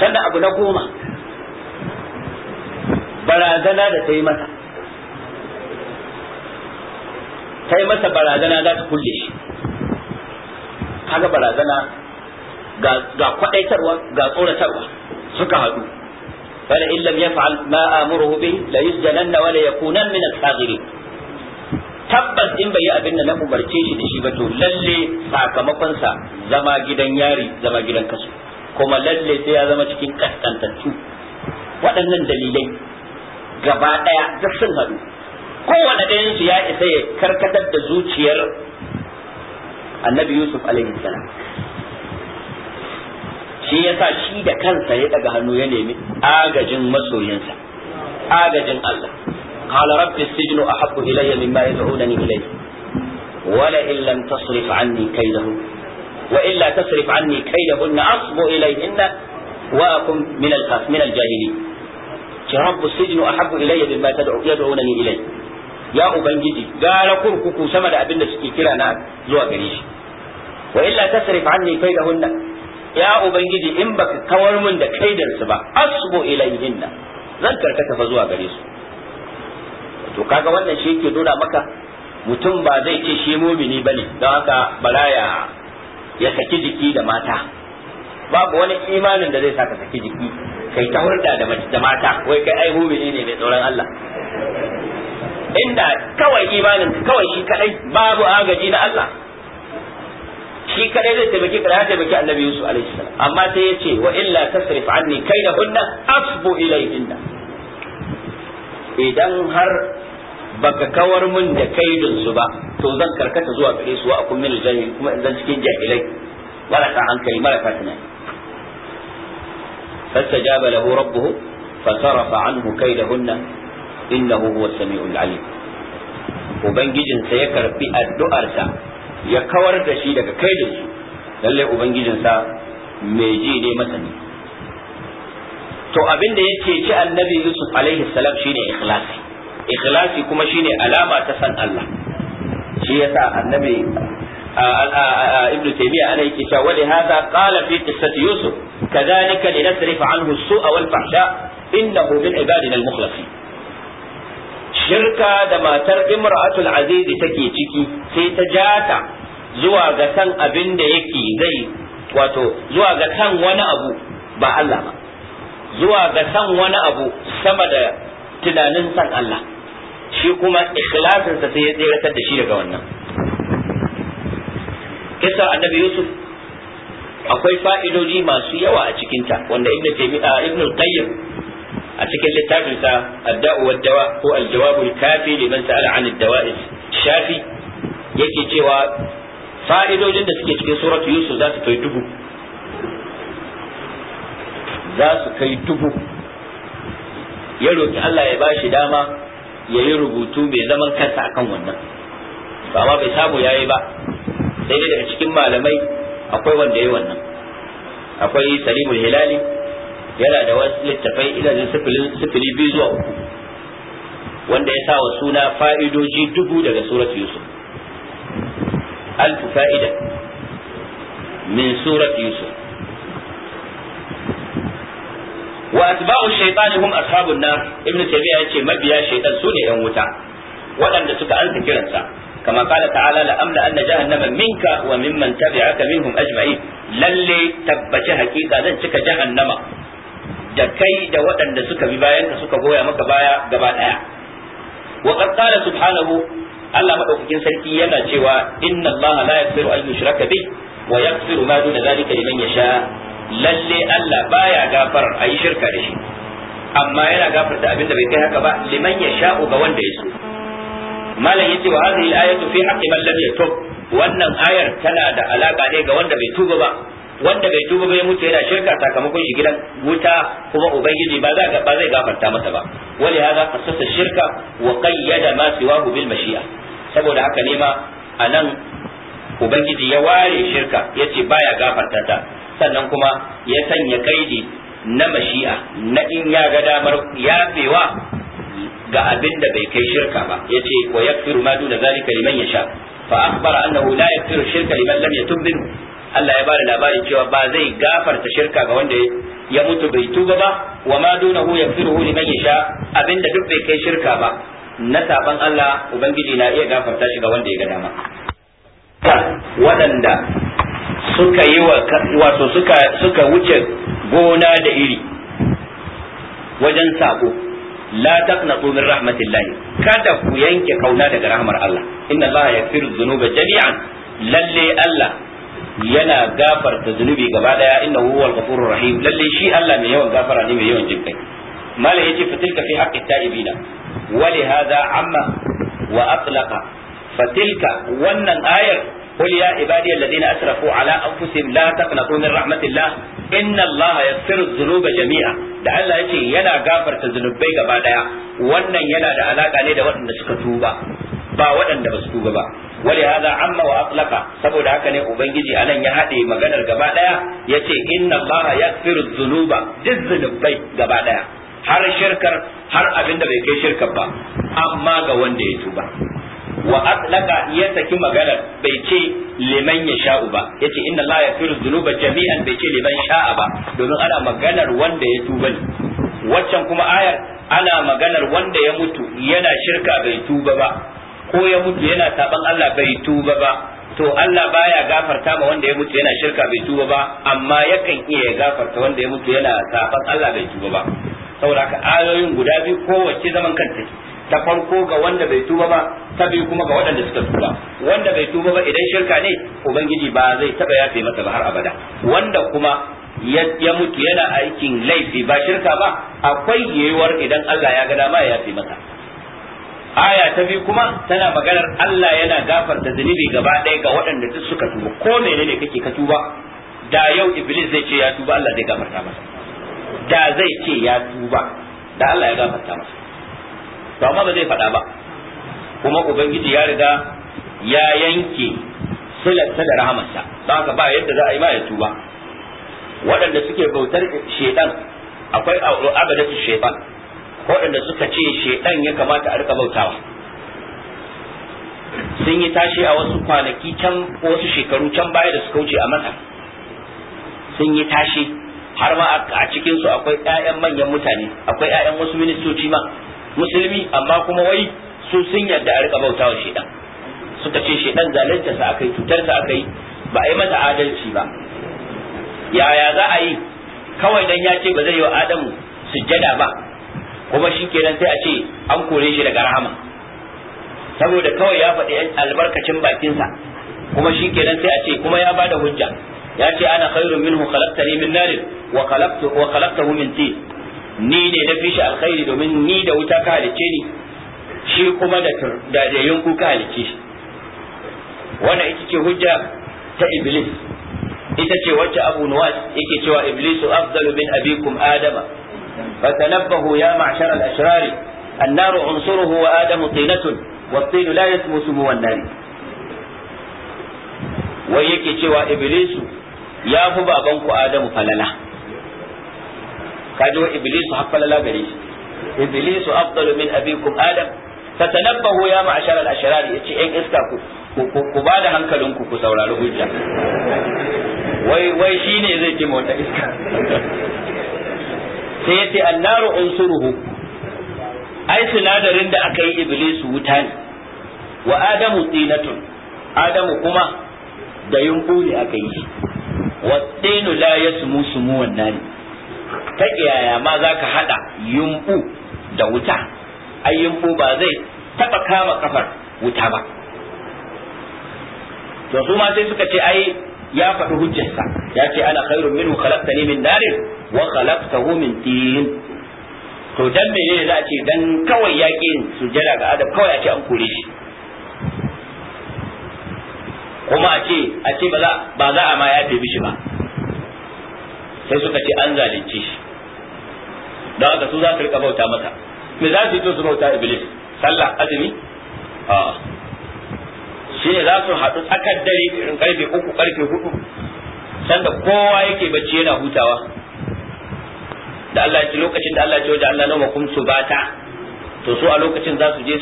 sannan abu na goma barazana da ta yi mata kai masa barazana za ka kulle shi kaga barazana ga kwadaitarwa ga tsoratarwa suka haɗu fala in lam yaf'al ma amuruhu bi la yusjalanna wa la yakunan min as tabbas in bai yi abin da na umarce shi da shi ba to lalle sakamakon sa zama gidan yari zama gidan kaso kuma lalle sai ya zama cikin kaskantattu waɗannan dalilai gaba ɗaya duk sun haɗu kowane ɗayan su ya isa ya karkatar da zuciyar annabi yusuf alaihi salam shi yasa shi da kansa ya daga hannu ya nemi agajin masoyinsa agajin Allah qala rabbi as-sijnu ahabbu ilayya mimma yad'unani ilayhi wala in lam tasrif anni kaydahu wa illa tasrif anni kaydahunna asbu ilayhinna wa akum min al-khas min al-jahili ya ubangiji gara kurkuku sama da abin da suke kira na zuwa gare shi wa illa tasrif anni kaidahunna ya ubangiji in baka kawar mun da kaidar su ba asbu ilayhinna zan karkata fa zuwa gare su to kaga wannan shi yake nuna maka mutum ba zai ce shi mumini bane don haka balaya ya saki jiki da mata babu wani imanin da zai saka saki jiki kai ta hulɗa da mata wai kai ai mumini ne mai tsoron Allah inda kawai imanin kawai shi kadai babu agaji na Allah shi kadai zai taimaki ka ya taimaki annabi Yusuf alaihi salam amma sai ya ce wa illa tasrif anni hunna asbu ilayhinna idan har baka kawar mun da kaidun su ba to zan karkata zuwa gare su wa akun min jahil kuma zan cikin jahilai marasa hankali marasa tunani fastajaba lahu rabbuhu fasarafa anhu kaidahunna innahu huwa samiul alim ubangijinsa ya karfi addu'arsa ya kawar da shi daga kaidin su lalle ubangijinsa mai ji ne masani to abin da yake ci annabi yusuf alaihi salam shine ikhlasi ikhlasi kuma shine alama ta san Allah shi yasa annabi ابن تيمية عليه كتاب ولهذا قال في قصة يوسف كذلك لنصرف عنه السوء والفحشاء إنه من عبادنا المخلصين shirka da matar imratul azizi take ciki sai ta jata zuwa ga san abin da yake zai wato zuwa ga san wani abu ba Allah ba zuwa ga san wani abu sama da tunanin san Allah shi kuma ikhlasinsa sai ya tseratar da shi daga wannan kisa annabi yusuf akwai fa'idoji masu yawa a cikinta wanda ibn qayyim a cikin littafin sa adda'u wad dawa ko al kafi liman sa'ala 'an ad-dawa'is shafi yake cewa fa'idojin da suke cikin suratu yusuf za su kai dubu za su kai dubu ya roki Allah ya bashi dama ya yi rubutu mai zaman kansa akan wannan Ba amma bai samu yayi ba sai dai daga cikin malamai akwai wanda yayi wannan akwai salimul hilali yana da wasu littafai ilazin sifili biyu zuwa uku wanda ya sa wa suna fa'idoji dubu daga suratu yusuf alfu fa'ida min suratu yusuf wa atba'u shaytan hum ashabun nar ibnu tabi'a yace mabiya shaytan sune yan wuta waɗanda suka ansa kiransa ta'ala كما قال تعالى لأملأن جهنم منك وممن تبعك منهم أجمعين للي تبت حقيقة ذنك جهنم da kai da waɗanda suka bi bayan da suka goya maka baya gaba ɗaya. wa subhanahu Allah maɗaukakin sarki yana cewa inna Allah la yaghfiru an yushraka bi wa yaghfiru ma duna zalika liman yasha lalle Allah baya gafar ayi shirka da shi amma yana gafarta abinda bai kai haka ba liman yasha'u ga wanda ya so malam yace wa hadhihi al-ayatu fi haqqi man lam yatub wannan ayar tana da alaka ne ga wanda bai tuba ba wanda bai tuba bai mutu yana shirka sakamakon shi gidan wuta kuma ubangiji ba za ba zai gafarta masa ba wani haza kasasa shirka wa qayyada ma siwahu bil mashi'a saboda haka ne ma anan ubangiji ya ware shirka yace baya gafarta ta sannan kuma ya sanya kaidi na mashi'a na in ya ga damar yafewa ga abin da bai kai shirka ba yace wa yakfiru ma duna zalika liman yasha fa akhbara annahu la yakfiru shirka liman lam yatub Allah ya bada labari cewa ba zai gafarta shirka ga wanda ya mutu bai tuba ba wa ma dunahu yaghfiruhu liman yasha abinda duk bai kai shirka ba na saban Allah ubangiji na iya gafarta shi ga wanda ya ga dama waɗanda suka yi wato suka suka wuce gona da iri wajen sako la taqnatu min rahmatillahi kada ku yanke kauna daga rahmar Allah inna Allah yaghfiru dhunuba jami'an lalle Allah yana gafarta zunubi gaba daya inna huwa al rahim lallai shi Allah mai yawan gafara ne mai yawan jinkai mala yace fatilka fi haqqi ta'ibina wa li hadha amma wa atlaqa fatilka wannan ayar قل يا عبادي الذين اسرفوا على انفسهم لا تقنطوا من رحمه الله ان الله يغفر الذنوب جميعا da Allah yace yana gafarta zunubai gaba daya wannan yana da alaka ne da waɗanda suka tuba ba waɗanda ba su tuba ba wali hada amma wa atlaqa saboda haka ne ubangiji anan ya hade maganar gaba daya yace inna allaha yaghfiru dhunuba duk zunubai gaba daya har shirkar har abin da bai kai shirkar ba amma ga wanda ya tuba wa atlaqa ya saki maganar bai ce liman ya sha'u ba yace inna allaha yaghfiru dhunuba jami'an bai ce liman sha'a ba domin ana maganar wanda ya tuba ne waccan kuma ayar ana maganar wanda ya mutu yana shirka bai tuba ba ko ya mutu yana taban Allah bai tuba ba to Allah baya gafarta ma wanda ya mutu yana shirka bai tuba ba amma yakan iya gafarta wanda ya mutu yana saban Allah bai tuba ba saboda haka ayoyin guda biyu kowace zaman kanta ta farko ga wanda bai tuba ba ta biyu kuma ga waɗanda suka tuba wanda bai tuba ba idan shirka ne ubangiji ba zai taba yafe masa ba har abada wanda kuma ya mutu yana aikin laifi ba shirka ba akwai yiwuwar idan Allah ya ga dama ya yafe masa aya ta biyu kuma tana maganar Allah yana gafarta zunubi gaba ɗaya ga waɗanda duk suka tuba ko menene kake ka tuba da yau iblis zai ce ya tuba Allah zai gafarta masa da zai ce ya tuba da Allah ya gafarta masa to amma ba zai faɗa ba kuma ubangiji ya riga ya yanke silarsa da rahamarsa don haka ba yadda za a yi ba ya tuba waɗanda suke bautar shedan akwai abadatu shedan waɗanda suka ce shedan ya kamata a rika bautawa sun yi tashi a wasu kwanaki can wasu shekaru can baya da suka wuce a masa sun yi tashi har ma a cikinsu akwai ƴaƴan manyan mutane akwai ƴaƴan wasu ministoci ma musulmi amma kuma wai su sun yarda a rika bautawa shedan suka ce shedan zalunta sa akai cutar sa akai ba a yi masa adalci ba yaya za a yi kawai dan ya ce ba zai yi wa adamu sujjada ba kuma shi kenan sai a ce an kore shi daga rahama saboda kawai ya faɗi albarkacin bakinsa kuma shi kenan sai a ce kuma ya bada hujja ya ce ana khairun minhu khalaqtani min narin wa khalaqtu wa khalaqtahu min tin ni ne na fi shi alkhairi domin ni da wuta ka halicce ni shi kuma da da yanku ka halicce shi wannan ita ce hujja ta iblis ita ce wacce abu nuwas yake cewa iblisu afdalu min abikum adama فتنبهوا يا معشر الأشرار النار عنصره وآدم طينة cewa Iblisu ya fi babanku Adamu falala kaji wa Iblisu har falala gare shi Iblisu afdalu min abikum Adam fatanabbahu ya ma'ashara al-ashrar yace iska ku ku ba da hankalinku ku ku saurari hujja wai wai shine zai ce mota iska sai yace annaru unsuruhu ai sinadarin da aka yi iblisu wuta ne wa adamu tinatun adamu kuma da yunku ne aka yi shi wa tinu la yasmu sumu wannan ta kiyaya ma zaka hada yunku da wuta ai yunku ba zai taba kama kafar wuta ba to su sai suka ce ai ya faɗi hujjarsa ya ce ana khairun minhu khalaqtani min narin wa khalaqtahu min tin to dan ne za a ce dan kawai yaƙin sujada ga adam kawai a ce an kore shi kuma a ce a ce ba za ba za a ma ya fi shi ba sai suka ce an zalunci. shi don haka su za su rika bauta masa me za su yi to su bauta iblis sallah azumi a shi ne za su haɗu tsakar dare irin karfe uku karfe hudu sanda kowa yake bacci yana hutawa da Allah ya ce lokacin da Allah ya ce wajen Allah nawa kum bata, to su a lokacin za su je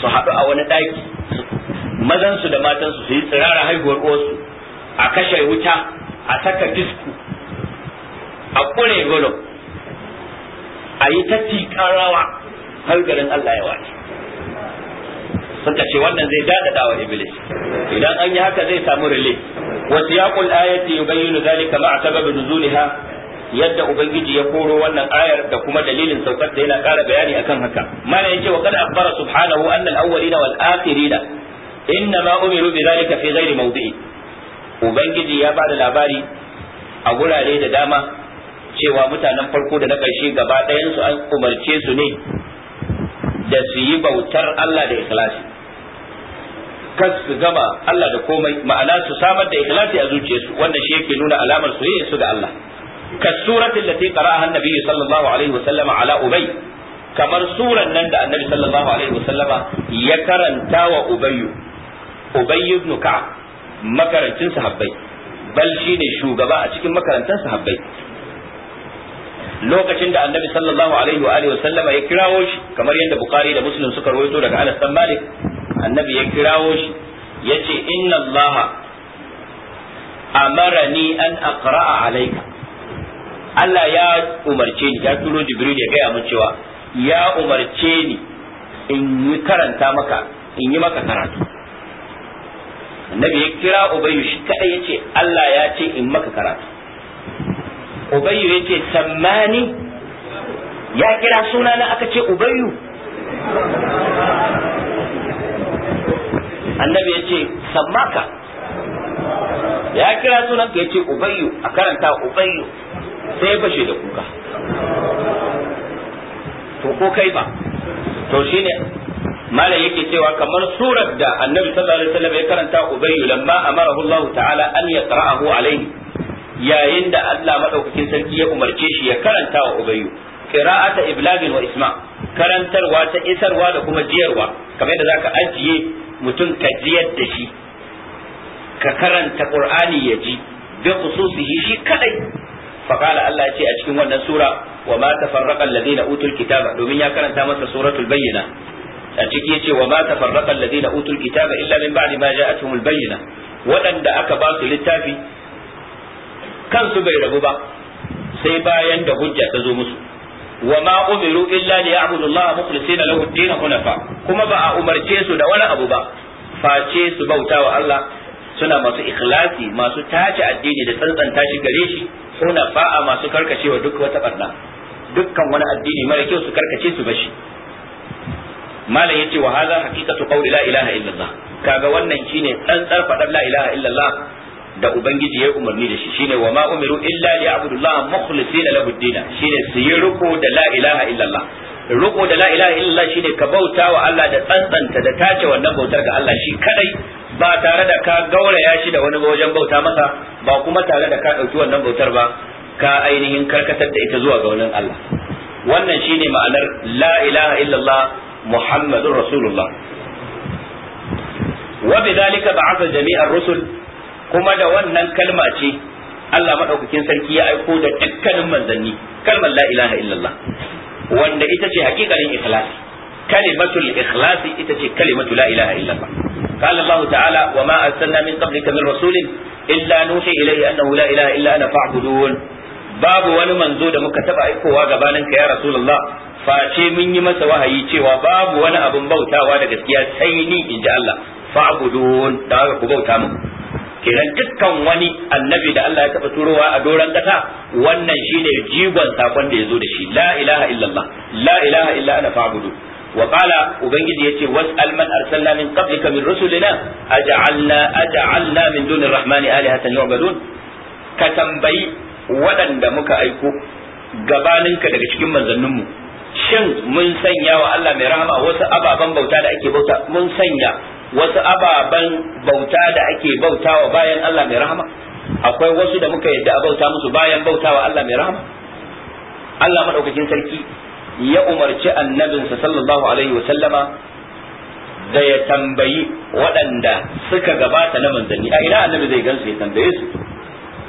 su haɗu a wani ɗaki mazan su da matan su su yi tsirara haihuwar uwarsu a kashe wuta a saka disku a kure gulum a yi ta tikarawa har garin Allah ya wace suka ce wannan zai dadada wa iblis idan an yi haka zai samu rile wa siyaqul ayati yubayyinu dhalika ma'a sababi nuzulha yadda ubangiji ya koro wannan ayar da kuma dalilin saukar da yana ƙara bayani akan haka mana yace wa kada akhbara subhanahu anna al-awwalina wal akhirina innama umiru bi dhalika fi ghairi mawdi'i ubangiji ya bada labari a gurare da dama cewa mutanen farko da na ƙarshe gaba su an umarce su ne da su yi bautar Allah da ikhlasi kas gama Allah da komai ma'ana su samar da ikhlasi a zuciyarsu wanda shi yake nuna alamar soyayya su ga Allah kasuratin lati qara'aha annabi sallallahu alaihi wasallama ala ubay kamar suran nan da annabi sallallahu alaihi wasallama ya karanta wa ubayyu ubayyu ibn ka'ab makarancin sahabbai bal shine shugaba a cikin makarantar sahabbai lokacin da annabi sallallahu alaihi wa alihi wasallama ya kirawo shi kamar yadda bukhari da muslim suka rawaito daga anas bin malik annabi ya kirawo shi ya ce inna Allah amarani an aqra'a alaika Allah ya umarce ni ya turo Jibril ya gaya min cewa ya umarce ni in yi karanta maka in yi maka karatu annabi ya kira Ubayyu shi kadai yace Allah ya ce in maka karatu Ubayyu yace sammani ya kira suna na aka ce Ubayyu annabi ya ce sammaka ya kira sunan ka ya ce ubayyu a karanta ubayyu sai ya fashe da kuka to ko kai ba to shine malam yake cewa kamar surar da annabi sallallahu alaihi wasallam ya karanta ubayyu lamma amarahu Allah ta'ala an yaqra'ahu alaihi yayin da Allah madaukakin sarki ya umarce shi ya karanta wa ubayyu qira'ata iblagin wa isma karantarwa ta isarwa da kuma jiyarwa kamar yadda zaka ajiye mutum ka ziyar da shi ka karanta qur'ani ya ji bi khususihi shi kadai faqala Allah ya ce a cikin wannan sura wa ma tafarraqa alladhina utul kitaba domin ya karanta masa suratul bayyana, a ciki yace wa ma tafarraqa alladhina utul kitaba illa min ba'di ma ja'atuhumul bayyina waɗanda aka ba su littafi kansu bai rabu ba sai bayan da hujja ta zo musu wa ma umiru illa li ya'budu Allah mukhlisina lahu ad-din hunafa kuma ba a umarce su da wani abu ba face su bauta wa Allah suna masu ikhlasi masu tace addini da tsantsanta shi gare shi suna fa'a masu karkacewa duk wata barna dukkan wani addini mara kyau su karkace su bashi malam yace wa hadha haqiqatu qawli la ilaha illallah kaga wannan shine tsantsar fadar la ilaha illallah da ubangiji ya umarni da shi shine wa ma umiru illa li abdullah mukhlisina lahu dina shine su yi riko da la ilaha illallah riko da la ilaha illallah shine ka bauta wa Allah da tsantsanta da tace wannan bautar ga Allah shi kadai ba tare da ka gauraya shi da wani wajen bauta masa ba kuma tare da ka dauki wannan bautar ba ka ainihin karkatar da ita zuwa ga wannan Allah wannan shine ma'anar la ilaha illallah muhammadur rasulullah وبذلك بعث jami'ar rusul. kuma da wannan kalma ce Allah madaukakin sarki ya aiko da dukkanin manzanni kalmar la ilaha illallah wanda ita ce hakikalin ikhlasi kalimatul ikhlasi ita ce kalimatu la ilaha illallah قال الله تعالى وما أرسلنا من قبلك من رسول إلا نوحي إليه أنه لا إله إلا أنا فاعبدون باب wani manzo da muka taba aikowa gabanin ka ya rasulullah face mun yi masa wahayi cewa babu wani abin bautawa da gaskiya sai ni in ji Allah da ku bauta mu kiran dukkan wani annabi da Allah ya taɓa turowa a doron kasa wannan shine jigon sakon da ya zo da shi la ilaha illallah la ilaha illa ana fa'budu wa qala ubangiji yace was'al man arsalna min qablika min rusulina aj'alna aj'alna min dunir rahmani alihatan yu'badun ka tambayi waɗanda muka aiko gabaninka daga cikin manzanninmu shin mun sanya wa Allah mai rahama wasu ababen bauta da ake bauta mun sanya wasu ababen bauta da ake bautawa bayan Allah mai rahama akwai wasu da muka yadda a bauta musu bayan bautawa Allah mai rahama Allah madaukakin sarki ya umarci annabinsa sallallahu alaihi wa sallama da ya tambayi waɗanda suka gabata na manzanni a ina annabi zai gansu ya tambaye su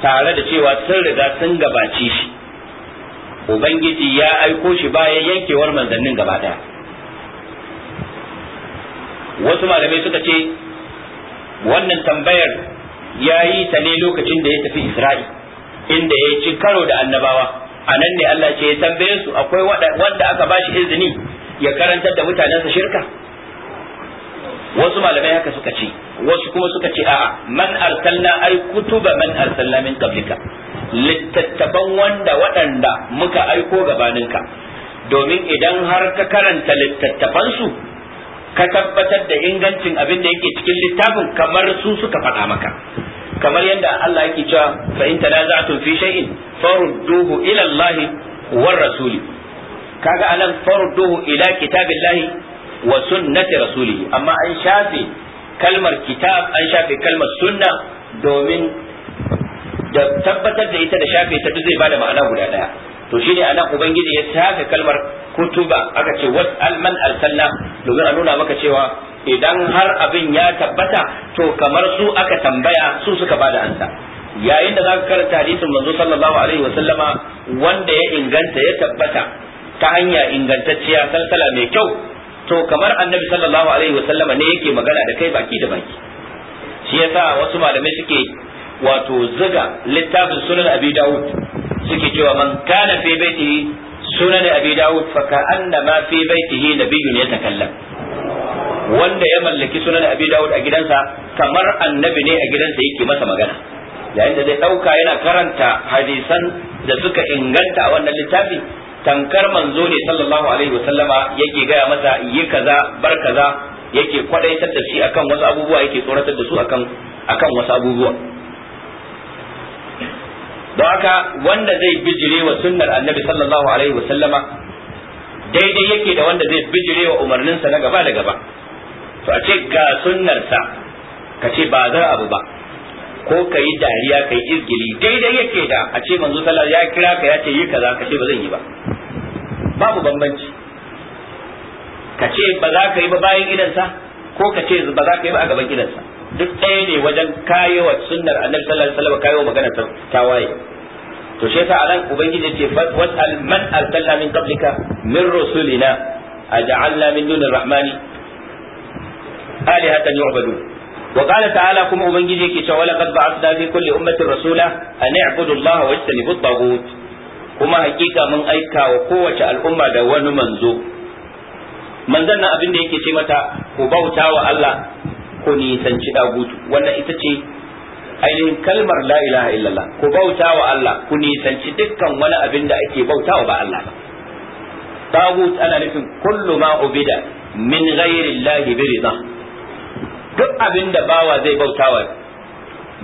tare da cewa sun riga sun gabace shi ubangiji ya aiko shi bayan yankewar manzannin gaba daya wasu malamai suka ce wannan tambayar ya yi ta ne lokacin da ya tafi isra'i inda ya ci karo da annabawa a nan ne Allah ce ya tambaye su akwai wanda aka ba shi izini ya karantar da mutanensa shirka wasu malamai haka suka ce wasu kuma suka ce a'a man arsalna ai kutuba man arsalna min qablika littattafan wanda waɗanda muka aiko gabaninka domin idan har ka karanta littattafansu ka tabbatar da ingancin abin da yake cikin littafin kamar su suka faɗa maka kamar yadda Allah yake cewa fa in tanaza'tum fi shay'in farudduhu ila Allah war rasuli kaga anan farudduhu ila kitabillahi wa sunnati rasulihi amma an shafe kalmar kitab an shafe kalmar sunna domin da tabbatar da ita da shafe ta duk zai bada ma'ana guda daya to ne anan ubangiji ya taka kalmar kutuba aka ce was'al man arsalna domin a nuna maka cewa idan har abin ya tabbata to kamar su aka tambaya su suka bada ansa yayin da zaka karanta hadisin manzo sallallahu alaihi wasallama wanda ya inganta ya tabbata ta hanya ingantacciya salsala mai kyau to kamar annabi sallallahu alaihi wasallama ne yake magana da kai baki da baki shi yasa wasu malamai suke wato zuga littafin sunan abi daud. suke cewa man kana fi baitihi sunan abi daud fa ka'anna ma fi baitihi nabiyyun yatakallam wanda ya mallaki sunan abi daud a gidansa kamar annabi ne a gidansa yake masa magana yayin da zai dauka yana karanta hadisan da suka inganta a wannan littafi tankar manzo ne sallallahu alaihi wasallama yake gaya masa yi kaza bar kaza yake kwadaitar da shi akan wasu abubuwa yake tsoratar da su akan akan wasu abubuwa don haka wanda zai bijire wa sunnar annabi sallallahu alaihi wa sallama daidai yake da wanda zai bijire wa umarninsa na gaba da gaba to a ce ga sunnarsa ka ce ba zan abu ba ko ka yi dariya ka yi izgili daidai yake da a ce manzo sallallahu ya kira ka ya ce yi kaza ka ce ba zan yi ba babu bambanci ka ce ba za ka yi ba bayan gidansa, ko ka ce ba za ka yi ba a gaban gidansa? duk ɗaya ne wajen kayewa sunnar annabi sallallahu alaihi wasallam kayewa maganar tawaye to shi yasa anan ubangiji ce wasal man arsalna min qablika min rusulina aj'alna min dunir rahmani alihatan yu'badu wa qala ta'ala kuma ubangiji yake cewa laqad ba'athna fi kulli ummatin rasula an i'budu allaha wa ijtanibu at-taghut kuma hakika mun aika wa kowace al'umma da wani manzo manzon nan abin da yake ce mata ku bauta wa Allah ku nisanci dagutu wannan ita ce ainihin kalmar la ilaha illallah ku bauta wa Allah ku nisanci dukkan wani abin da ake bauta wa ba Allah ba dagut ana nufin kullu ma ubida min ghairi Allah bi ridha duk abin da bawa zai bauta wa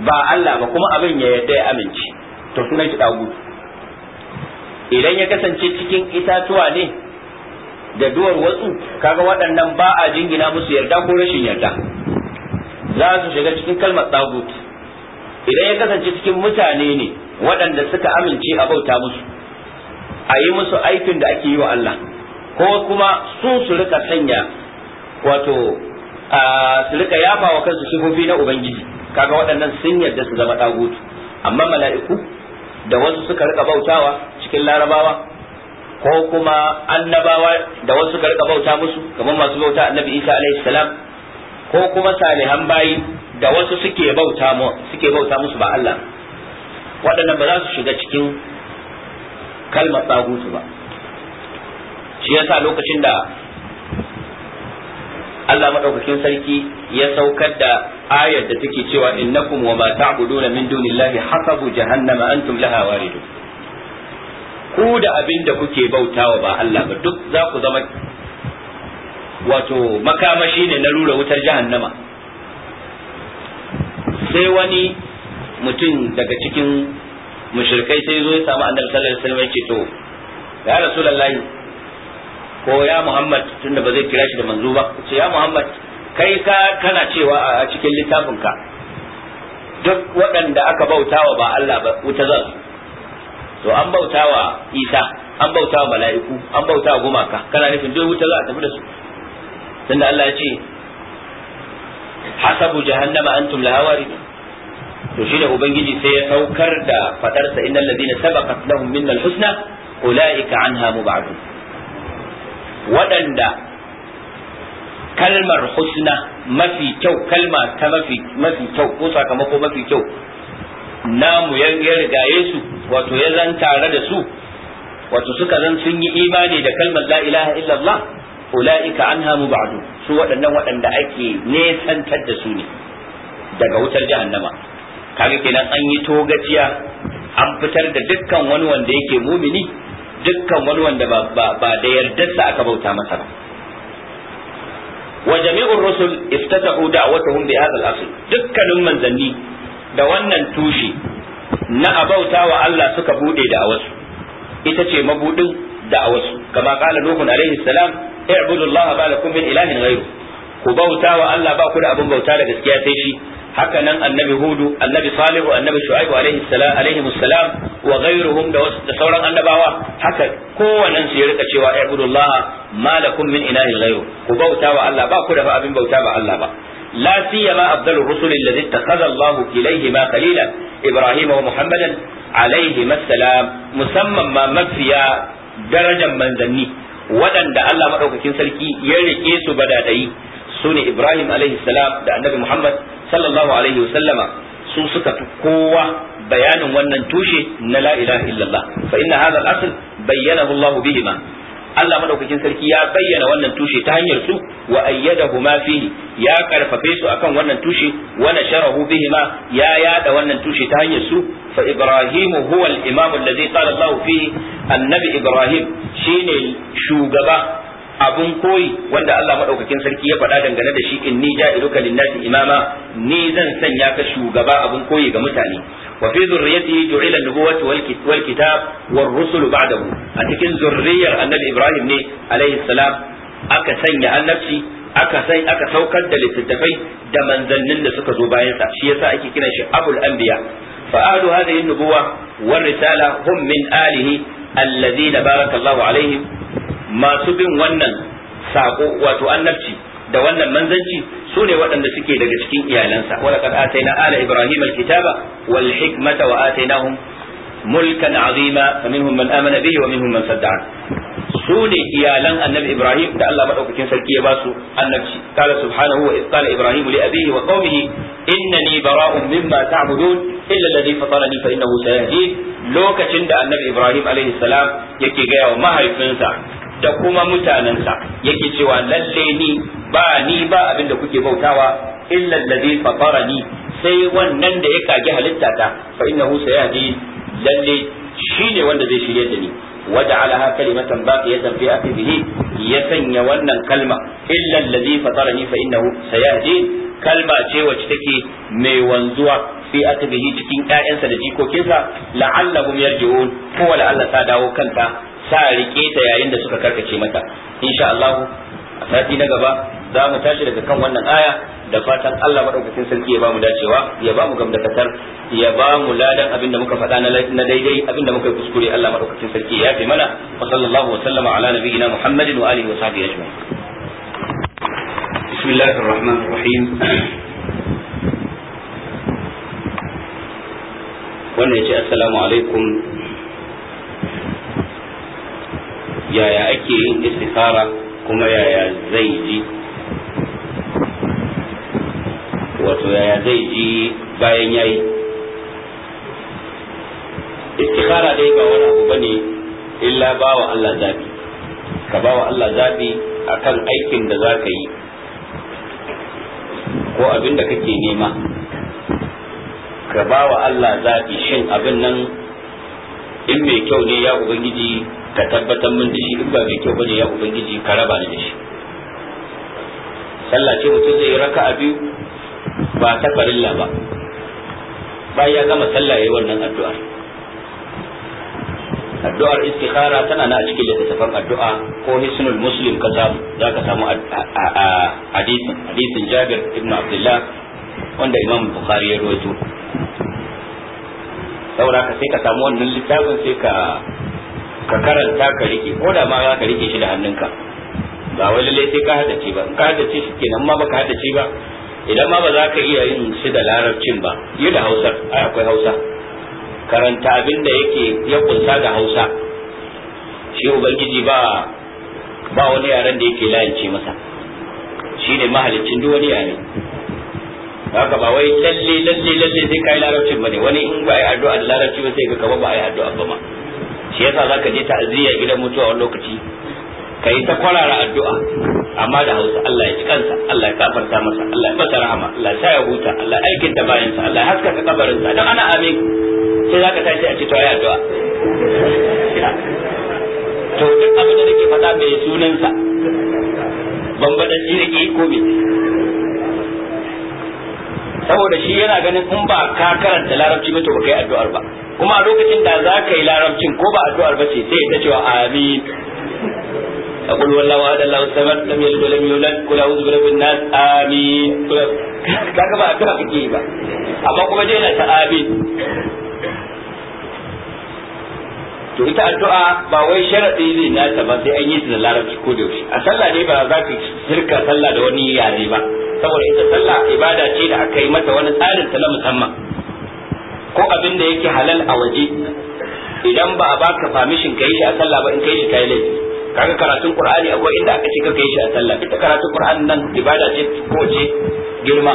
ba Allah ba kuma abin ya yadda ya amince to sunan shi dagut idan ya kasance cikin itatuwa ne da duwar wasu kaga waɗannan ba a jingina musu yarda ko rashin yarda za su shiga cikin kalmar tagut idan ya kasance cikin mutane ne waɗanda suka amince a bauta musu a yi musu aikin da ake yi wa Allah ko kuma su su rika sanya wato su rika yafa wa kansu sifofi na ubangiji kaga waɗannan sun yarda su zama tagut amma mala'iku da wasu suka rika bautawa cikin larabawa ko kuma annabawa da wasu suka rika bauta musu kamar masu bauta annabi Isa alaihi salam ko kuma salihan bayi da wasu suke bauta suke bauta musu ba Allah waɗannan ba za su shiga cikin kalmar tsagutu ba shi yasa lokacin da Allah madaukakin sarki ya saukar da ayar da take cewa innakum wa ma ta'buduna min dunillahi hasabu jahannama antum laha waridun ku da abin da kuke bautawa ba Allah ba duk za ku zama wato makamashi ne na rura wutar jahannama sai wani mutum daga cikin mushrikai sai zo ya samu annabi sallallahu alaihi wasallam ce to ya rasulullahi ko ya muhammad tunda ba zai kira shi da manzo ba ce ya muhammad kai ka kana cewa a cikin littafinka duk waɗanda aka bautawa ba Allah ba wuta su to an bautawa Isa an bautawa mala'iku an bautawa gumaka kana nufin duk wuta za a tafi da su tunda Allah ya ce hasabu jahannama antum laha to shi da ubangiji sai ya saukar da fadarsa innal ladina sabaqat lahum minna alhusna ulaika anha mubadun waɗanda kalmar husna mafi kyau kalma ta mafi mafi kyau ko sakamako mafi kyau namu ya riga su wato ya zan tare da su wato suka zan sun yi imani da kalmar la ilaha illallah ula'ika anha mubadu su waɗannan waɗanda ake nesantar da su ne daga wutar jahannama kaga kenan an yi togaciya an fitar da dukkan wani wanda yake mumini dukkan wani wanda ba da yardarsa aka bauta masa ba wa jami'ur rusul iftata'u da'watuhum bi hadha al-asl dukkanin manzanni da wannan tushe na abauta wa Allah suka bude da'awarsu ita ce mabudin da'awarsu kama kala nuhun alaihi salam i'budullaha ba lakum min ilahin ghayru ku bautawa wa Allah ba ku da abin bauta da gaskiya sai shi haka nan annabi hudu annabi salihu annabi shu'aibu alaihi salam wa ghayruhum da sauran annabawa haka kowannen su ya rika cewa i'budullaha ma lakum min ku bauta wa Allah ba ku abin bauta ba Allah ba لا سيما أفضل الرسل الذي اتخذ الله Ibrahim خليلا إبراهيم ومحمدا عليهما السلام مسمى ما مفيا darajar manzanni waɗanda Allah maɗaukakin sarki ya rike su badadai su ne Ibrahim alaihi salam da Annabi Muhammad sallallahu alaihi wasallama su suka fi kowa bayanin wannan tushe na la ilaha illallah fa inna hadha al-asl bayyana Allah bihima Allah madaukakin sarki ya bayyana wannan tushe ta hanyar su wa ayyadahu ma fihi ya karfafe su akan wannan tushe wa nasharahu ma ya yada wannan tushe ta hanyar su fa ibrahim huwa al-imam alladhi qala Allah fihi annabi ibrahim shine shugaba abun koyi wanda Allah madaukakin sarki ya faɗa dangane da shi ni ja'iluka lin-nasi imama ni zan sanya ka shugaba abun koyi ga mutane wa fi zurriyyati ju'ila an-nubuwwatu wal kitab war rusul ba'dahu a cikin zurriyar annabi Ibrahim ne alaihi salam aka sanya annabci aka sai aka saukar da littattafai da manzannin da suka zo bayan sa shi yasa ake kiran shi abul anbiya fa ahlu hadhihi an nubuwa, war risala hum min alihi alladhina baraka Allahu alaihim masu bin wannan sako wato annabci da wannan manzanci su ne waɗanda suke daga cikin iyalansa wala kad ataina ala ibrahim alkitaba wal hikmata wa atainahum mulkan azima faminhum man amana bihi wa minhum man sadda'a su ne iyalan annabi ibrahim da Allah madaukakin sarki ya basu annabci qala subhanahu wa qala ibrahim li abihi wa qaumihi innani bara'un mimma ta'budun illa alladhi fatarani fa innahu sayahdin lokacin da annabi ibrahim alaihi salam yake gaya wa mahaifinsa da kuma mutanensa yake cewa lalle ni ba ni ba abin da kuke bautawa illa allazi fatarani sai wannan da ya kage halitta ta fa innahu sayadi lalle shine wanda zai shirye da ni waja'alaha kalimatan baqiyatan fi aqibihi ya sanya wannan kalma illa allazi fatarani fa innahu sayadi kalma ce wacce take mai wanzuwa fi aqibihi cikin ƴaƴansa da jikokinsa la'allahum yarji'un ko la'alla ta dawo kanta sa rike ta yayin da suka karkace mata insha Allah a sati na gaba za mu tashi daga kan wannan aya da fatan Allah madaukakin sarki ya bamu dacewa ya bamu gamdakatar ya bamu ladan abin da muka faɗa na daidai abin da muka kuskure Allah madaukakin sarki ya yafe mana wa sallallahu wa sallama ala nabiyyina Muhammadin wa alihi wa sahbihi ajma'in bismillahir rahmanir rahim wannan yace assalamu alaikum yaya ake yin istikhara kuma yaya zai ji wato yaya zai ji bayan yayi istikhara dai ba wani abu bane illa ba wa Allah zabi ka ba wa Allah zabi akan aikin da za ka yi ko abin da kake nema ka ba wa Allah zabi shin abin nan in mai kyau ne ya ubangiji ka tabbatar min da shi in ba mai kyau bane ya ubangiji ka raba ni da shi sallah ce mutum zai raka a biyu ba ta farilla ba bayan ya gama sallah yayi wannan addu'ar addu'ar istikhara tana na a cikin littattafan addu'a ko hisnul muslim ka samu za ka samu hadisin hadisin jabir ibn abdullah wanda imam bukhari ya rawaito saboda ka sai ka samu wannan littafin sai ka ka karanta ka rike ko da ma za ka rike shi da hannunka ba wai lalle sai ka ci ba in ka ci shi kenan ma baka ci ba idan ma ba za ka iya yin shi da larabcin ba yi da hausa ai akwai hausa karanta abin da yake ya kunsa da hausa shi ubangiji ba ba wani yaren da yake layance masa shi ne mahalicin duk wani yare haka ba wai lalle lalle lalle sai kai larabci bane wani in ba ai addu'a da larabci ba sai ga kaba ba ai addu'a ba ma shi yasa zaka je ta'ziya gidan mutuwa wani lokaci kai ta kwarara addu'a amma da Hausa Allah ya ci kansa Allah ya kafarta masa Allah ya masa rahama Allah ya sa ya huta Allah ya aikin da bayan sa Allah ya ka kabarin sa dan ana amin sai zaka tashi a ci to ai addu'a to duk abin da nake faɗa mai sa ban bada shi da ko me saboda shi yana ganin in ba ka karanta larabci ba to ba kai addu'ar ba kuma a lokacin da za ka yi larabcin ko ba addu'ar ba ce sai ta cewa amin أقول والله أحد الله الصمد لم يلد yulad يولد قل bi rabbin nas amin kaga ba addu'a kake ba amma kuma je na ta amin to ita addu'a ba wai sharadi ne na ta ba sai an yi ta da larabci ko da yaushe a sallah ne ba za ka shirka sallah da wani yare ba saboda ita sallah ibada ce da aka yi mata wani tsarin ta na musamman ko abin da yake halal a waje idan ba a baka famishin kai shi a sallah ba in kai shi kai laifi kaga karatun qur'ani akwai inda aka ce ka kai shi a sallah ita karatun qur'ani nan ibada ce ko ce girma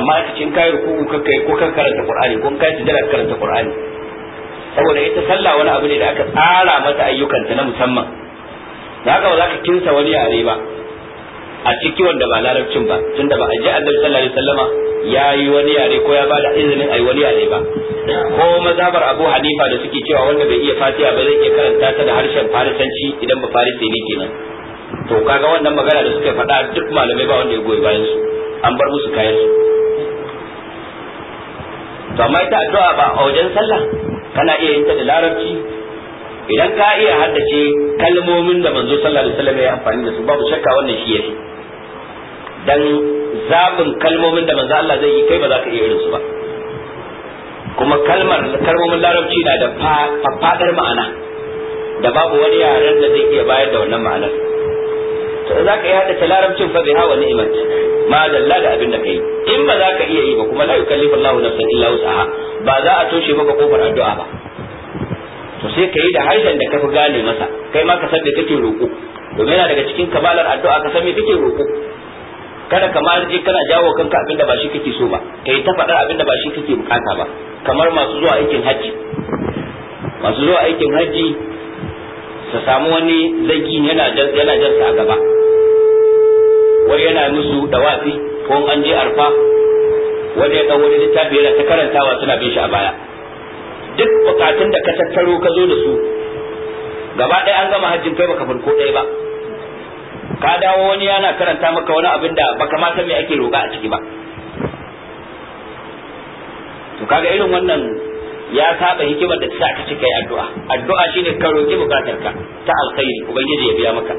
amma aka ce kai ruku ka kai ko ka karanta qur'ani ko kai sujada ka karanta qur'ani saboda ita sallah wani abu ne da aka tsara mata ayyukanta na musamman da haka ba za ka kinsa wani yare ba a ciki wanda ba larabcin ba tunda ba a ji annabi sallallahu alaihi wasallama ya yi wani yare ko ya ba da izinin a yi wani yare ba ko mazabar abu hanifa da suke cewa wanda bai iya fatiha ba zai iya karanta ta da harshen farisanci idan ba farisi ne kenan to kaga wannan magana da suke faɗa duk malamai ba wanda ya goyi bayan su an bar musu kayan su to amma ita addu'a ba a wajen sallah kana iya yin ta da larabci idan ka iya haddace kalmomin da manzo sallallahu alaihi wasallam ya amfani da su babu shakka wannan shi yake dan zabin kalmomin da manzo Allah zai yi kai ba za ka iya irin su ba kuma kalmar kalmomin larabci na da faɗaɗar ma'ana da babu wani yaren da zai iya bayar da wannan ma'anar to za ka iya haɗa larabcin fa biha wa ni'mat ma dalla da abin da kai in ba za ka iya yi ba kuma la yukallifu Allahu nafsan illa wus'aha ba za a toshe maka kofar addu'a ba to sai ka yi da harshen da ka fi gane masa kai ma ka san da kake roƙo domin yana daga cikin kabalar addu'a ka san me kake roƙo kada kamar je kana jawo kanka abin da ba shi kake so ba kai ta faɗar abin da ba shi kake bukata ba kamar masu zuwa aikin hajji masu zuwa aikin hajji su samu wani zaki yana yana jarsa a gaba wani yana musu dawafi ko an je arfa wani ya wani littafi yana ta karantawa suna bin shi a baya duk bukatun da ka tattaro ka zo da su gaba ɗaya an gama hajjin kai baka farko ɗaya ba ka dawo wani yana karanta maka wani abin da baka ma san me ake roƙa a ciki ba to kaga irin wannan ya saba hikimar da ta sa ka ci kai addu'a addu'a shine ka roki bukatarka ta alkhairi ubangiji ya biya maka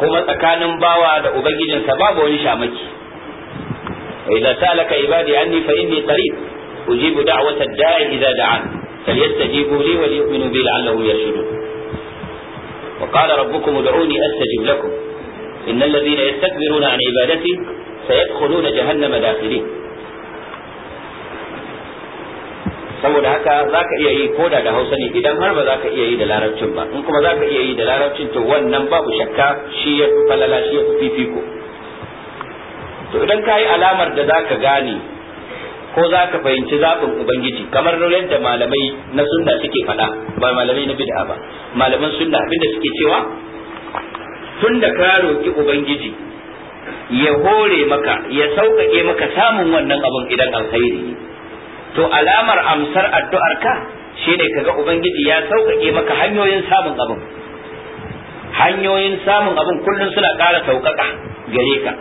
kuma tsakanin bawa da ubangijinsa babu wani shamaki wa idza salaka ibadi anni fa inni qarib ujibu da'wata da'i idza da'an falyastajibu li wa liyu'minu bi la'allahum yarshudun وقال ربكم ادعوني ud'uni لكم lakum الذين يستكبرون عن عبادتي سيدخلون جهنم داخلين dakhirin saboda haka za ka iya yi ko da da hausa ne idan har ba za ka iya yi da larabcin ba in kuma za ka iya yi da larabcin to wannan babu shakka shi ya fi falala shi ya fi fifiko to idan ka yi alamar da za ka gane ko za ka fahimci zaɓin ubangiji kamar yadda malamai na sunna suke faɗa ba malamai na bid'a ba malaman sunna abinda suke cewa tun da ka roƙi ubangiji ya hore maka ya sauƙaƙe maka samun wannan abin idan alkhairi to alamar amsar addu'ar ka shine kaga ubangiji ya sauƙaƙe maka hanyoyin samun abin hanyoyin samun abin kullum suna ƙara sauƙaƙa gare ka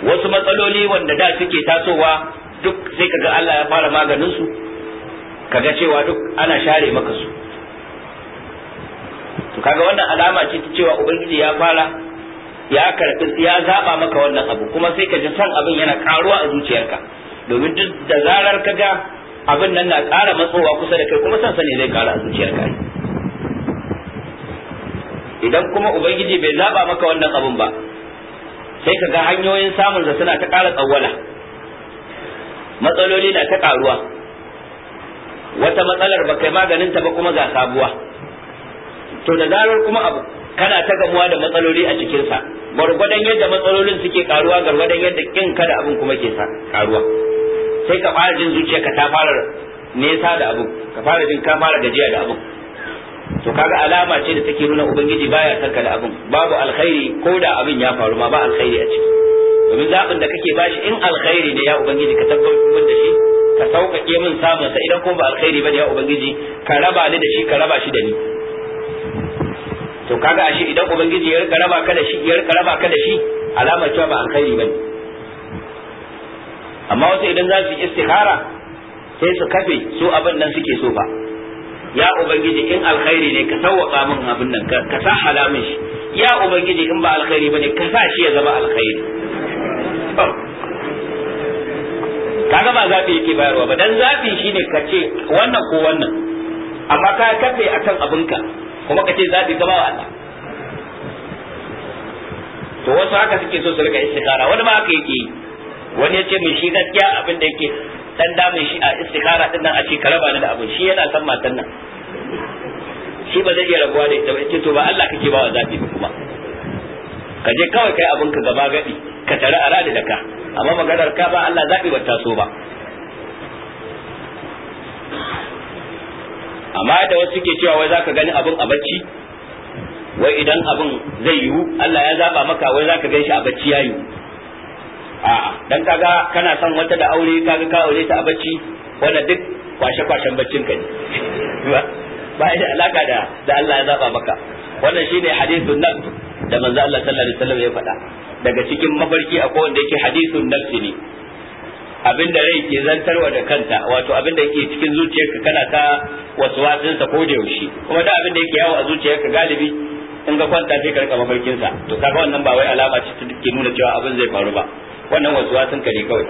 wasu matsaloli wanda da suke tasowa duk sai kaga Allah ya fara maganin su kaga cewa duk ana share maka su to kaga wannan alama ce ta cewa ubangiji ya fara ya karbi ya zaba maka wannan abu kuma sai ka ji san abin yana karuwa a zuciyarka domin duk da zarar kaga abin nan na ƙara matsowa kusa da kai kuma san sani zai ƙara a zuciyarka idan kuma ubangiji bai zaba maka wannan abun ba sai kaga hanyoyin samun da suna ta ƙara tsawwala matsaloli na ta karuwa wata matsalar ba kai maganin ta ba kuma ga sabuwa to da zarar kuma abu kana ta gamuwa da matsaloli a cikinsa gwargwadon yadda matsalolin suke karuwa gwargwadon yadda kin kada abin kuma ke sa karuwa sai ka fara jin ka ta fara nesa da abin ka fara jin ka fara gajiya da abin to kaga alama ce da take nuna ubangiji baya son ka da abin babu alkhairi ko da abin ya faru ma ba alkhairi a ciki domin zaɓin da kake bashi in alkhairi ne ya ubangiji ka tabbatar mun da shi ka sauƙaƙe min samun sa idan kuma ba alkhairi bane ya ubangiji ka raba ni da shi ka raba shi da ni to kaga ashe idan ubangiji ya rika raba ka da shi ya rika raba ka da shi alama cewa ba alkhairi bane amma wasu idan za su yi istikhara sai su kafe su abin nan suke so fa ya ubangiji in alkhairi ne ka sawwaka min abin nan ka sa halamin shi ya ubangiji in ba alkhairi bane ka sa shi ya zama alkhairi kaga ba zafi yake bayarwa ba dan zafi shine ka ce wannan ko wannan amma ka kafe akan abinka kuma ka ce zafi ka ba wa Allah to wasu haka suke so su rika istikhara wani ma haka yake wani ya ce min shi gaskiya abin da yake dan damun shi a istikhara din nan a ce karaba ne da abin shi yana san matan nan shi ba zai iya rabuwa da ita ba yace to ba Allah kake ba wa zabi kuma ka je kawai kai abin ka gaba gadi ka tare a rada da ka amma maganar ka ba Allah zaɓi ba taso ba amma da wasu suke cewa wai zaka gani abin a bacci wai idan abin zai yiwu Allah ya zaba maka wai zaka gan shi a bacci ya yiwu a'a dan kaga kana son wata da aure kaga ka aure ta a bacci wanda duk kwashe kwashen baccin ka ne ba da alaka da da Allah ya zaba maka wannan shine hadithun nan da manzo Allah sallallahu alaihi wasallam ya faɗa daga cikin mafarki akwai wanda yake hadithun nafsi ne abin da rai ke zantarwa da kanta wato abin da yake cikin zuciyarka kana ta wasu wasinsa ko da yaushe kuma da abin da yake yawo a zuciyarka galibi in ga kwanta sai ka rika mafarkin sa to kaga wannan ba wai alama ce ta ke nuna cewa abin zai faru ba wannan wasu wasin ka ne kawai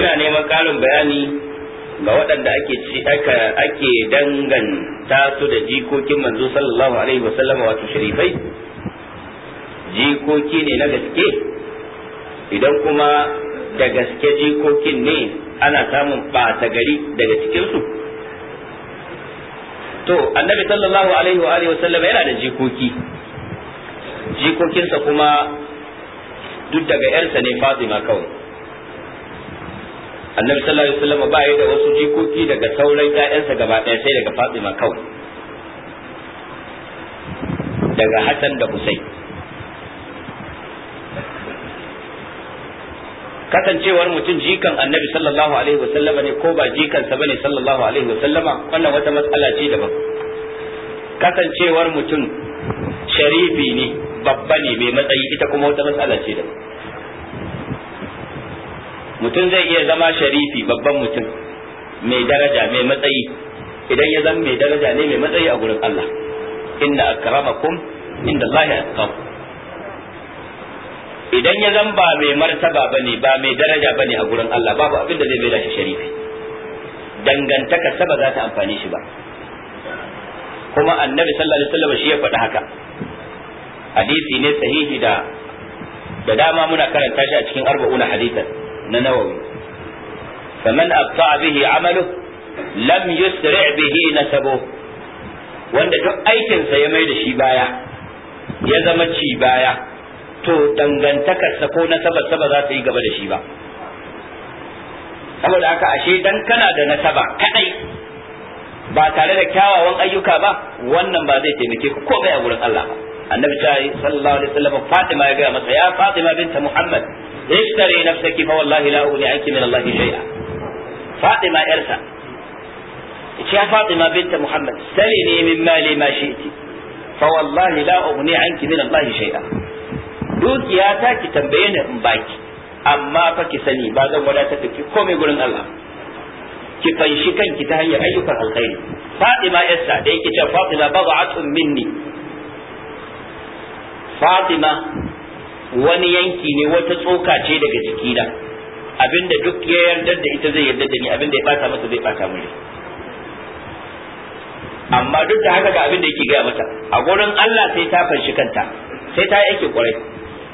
ina neman karin bayani ga waɗanda ake ci aka ake danganta su da jikokin manzo sallallahu alaihi wasallam wato sharifai jikoki ne na gaske idan kuma da gaske jikokin ne ana samun ɓata gari daga cikinsu to annabi sallallahu alaihi wa alihi wasallam yana da jikoki jikokinsa kuma duk daga yarsa ne fatima kawai annabi sallallahu alaihi wasallam ba ya da wasu jikoki daga sauran ƴaƴansa gaba ɗaya sai daga fatima kawai daga Hassan da Hussein kasancewar mutum jikan annabi sallallahu alaihi wa sallama ne ko ba jikansa bane sallallahu alaihi wa sallama. wannan wata matsala ce daban kasancewar mutum sharifi ne babba ne mai matsayi ita kuma wata matsala ce daban mutum zai iya zama sharifi babban mutum mai daraja mai matsayi idan ya zama mai daraja ne mai matsayi a gurin Allah inna akramakum inda Allah ya atqakum idan ya zan ba mai martaba ne ba mai daraja ne a gurin Allah babu abin da zai bai da shi sharifi dangantaka sa ba za ta amfani shi ba kuma annabi sallallahu alaihi wasallam shi ya faɗi haka hadisi ne sahihi da da dama muna karanta shi a cikin arba'una hadisan na nawawi faman abta'a bihi amalu lam yusri' bihi nasabu wanda duk aikinsa ya mai da shi baya ya zama ci baya to dangantakarsa ko nasabarsa ba za ta yi gaba da shi ba saboda haka ashe dan kana da nasaba kadai ba tare da kyawawan ayyuka ba wannan ba zai taimake ka komai a gurin Allah ba annabi ta yi sallallahu alaihi wasallam Fatima ya ga masa ya Fatima binta Muhammad ishtari nafsaki fa wallahi la uni anki min allahi shay'a Fatima yarsa ya Fatima binta Muhammad salini min mali ma shi'ti fa wallahi la uni anki min allahi shay'a dukiya ta ki tambaye ni in baki amma fa ki sani ba zan wadatar da ki komai gurin Allah ki fanshi kanki ta hanyar ayyukan alkhairi Fatima Esther da yake cewa Fatima bad'atun minni Fatima wani yanki ne wata tsoka ce daga cikina, abinda duk ya yarda da ita zai yarda da ni abinda ya bata masa zai bata mu amma duk da haka ga abinda yake gaya mata a gurin Allah sai ta fanshi kanta sai ta yake kwarai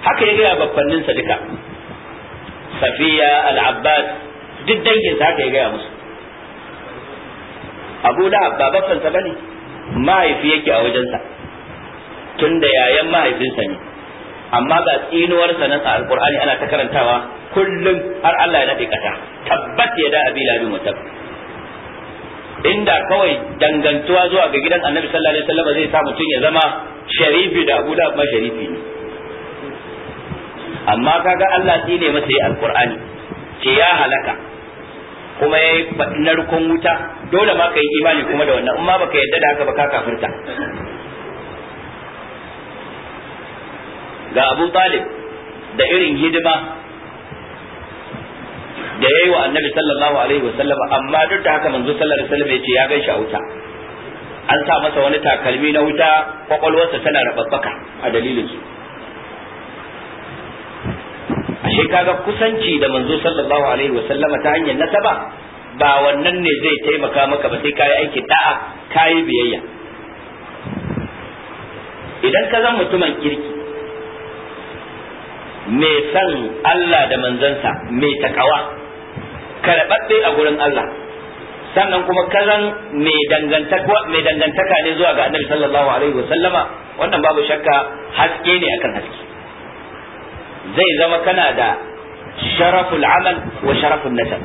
haka ya gaya babbanninsa duka safiya al-abbas duk danginsa haka ya gaya musu abu da ba babbansa bane mahaifi yake a wajensa tun da yayan mahaifinsa ne amma ga tsinuwarsa na alkur'ani ana ta karantawa kullum har Allah ya naɗe kata tabbat ya da abi labin mutab inda kawai dangantuwa zuwa ga gidan annabi sallallahu alaihi wasallam zai sa mutum ya zama sharifi da abu da ma sharifi ne amma kaga Allah ne masa yi alkur'ani ce ya halaka kuma ya yi narkon wuta dole ma ka yi imani kuma da wannan amma baka yadda da haka ba ka kafirta ga Abu Talib da irin hidima da ya yi wa annabi sallallahu alaihi wasallam amma duk da haka manzo sallallahu alaihi wasallam ya ce ya gaishe a wuta an sa masa wani takalmi na wuta kwakwalwarsa tana rababbaka a dalilin su ashe kaga kusanci da manzo sallallahu alaihi wa sallama ta hanyar nasaba ba wannan ne zai taimaka maka ba sai kai aiki da'a kayi biyayya idan ka zama mutumin kirki mai san Allah da manzansa mai takawa karɓaɓɓe a gurin Allah sannan kuma kazan mai dangantaka ne zuwa ga annabi sallallahu alaihi wa sallama wannan babu shakka haske ne akan haske zai zama kana da sharaful amal wa sharaful nasab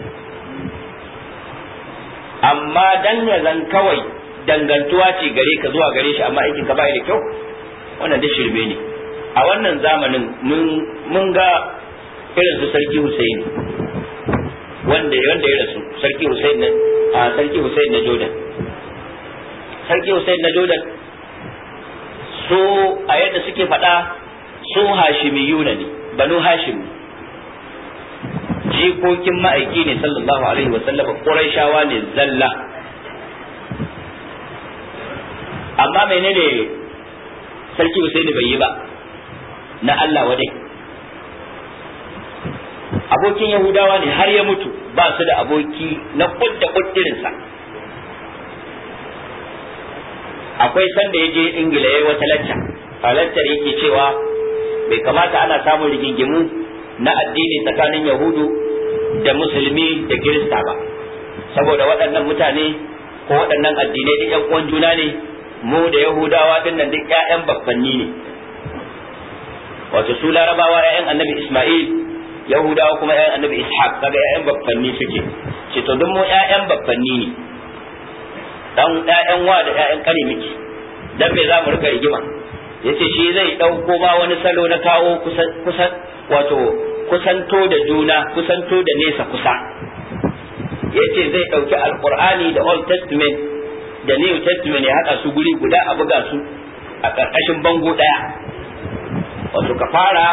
amma dan ya zan kawai dangantuwa ce gare ka zuwa gare shi amma aikin ka bai da kyau wannan da shirme ne a wannan zamanin mun ga irin su sarki Hussein wanda wanda ya rasu sarki Hussein na a sarki Hussein na Jordan sarki Hussein na Jordan so a yadda suke faɗa su Hashimiyuna ne banu hashim jikokin ma'aiki ne sallallahu alaihi wa sallama quraishawa ne zalla amma menene sarki Usaini bai yi ba na Allah wadai abokin yahudawa ne har ya mutu ba su da aboki na kudda kuddirinsa akwai sanda ya je ingila ya wata lacca a yake cewa bai kamata ana samun rigingimu na addini tsakanin yahudu da musulmi da kirista ba saboda waɗannan mutane ko waɗannan addinai da uwan juna ne mu da yahudawa din nan duk ƴaƴan babbanni ne wato su larabawa ƴaƴan annabi isma'il yahudawa kuma ƴaƴan annabi ishaq kaga ƴaƴan babbanni suke ce to duk mu ƴaƴan babbanni ne dan ƴaƴan wa da ƴaƴan kare miki dan me za mu rika rigima yace shi zai ɗauko ba wani salo na kawo kusan wato kusanto da juna kusanto da nesa kusa yace zai ɗauki alkur'ani da old testament da new testament ya haɗa su guri guda a buga su a ƙarƙashin bango ɗaya wato ka fara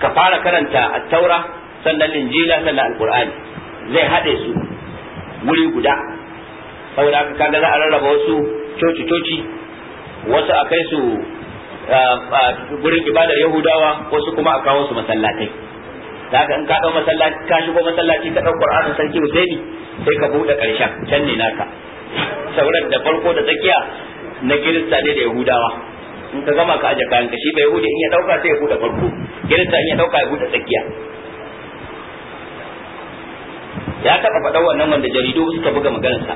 ka fara karanta at-taura sannan injila sannan alkur'ani zai haɗe su guri guda saboda haka kaga za a rarraba wasu coci-coci wasu a kai su gurin ibadar yahudawa wasu kuma a kawo su masallatai da haka in ka dau masallaci ka shigo masallaci ka dau qur'anin sarki husaini sai ka bude karshen can ne naka sauran da farko da tsakiya na kirista ne da yahudawa in ka gama ka aje kayan ka shi bai yahudi in ya dauka sai ya bude farko kirista in ya dauka ya bude tsakiya ya taba faɗa wannan wanda jaridu suka buga maganarsa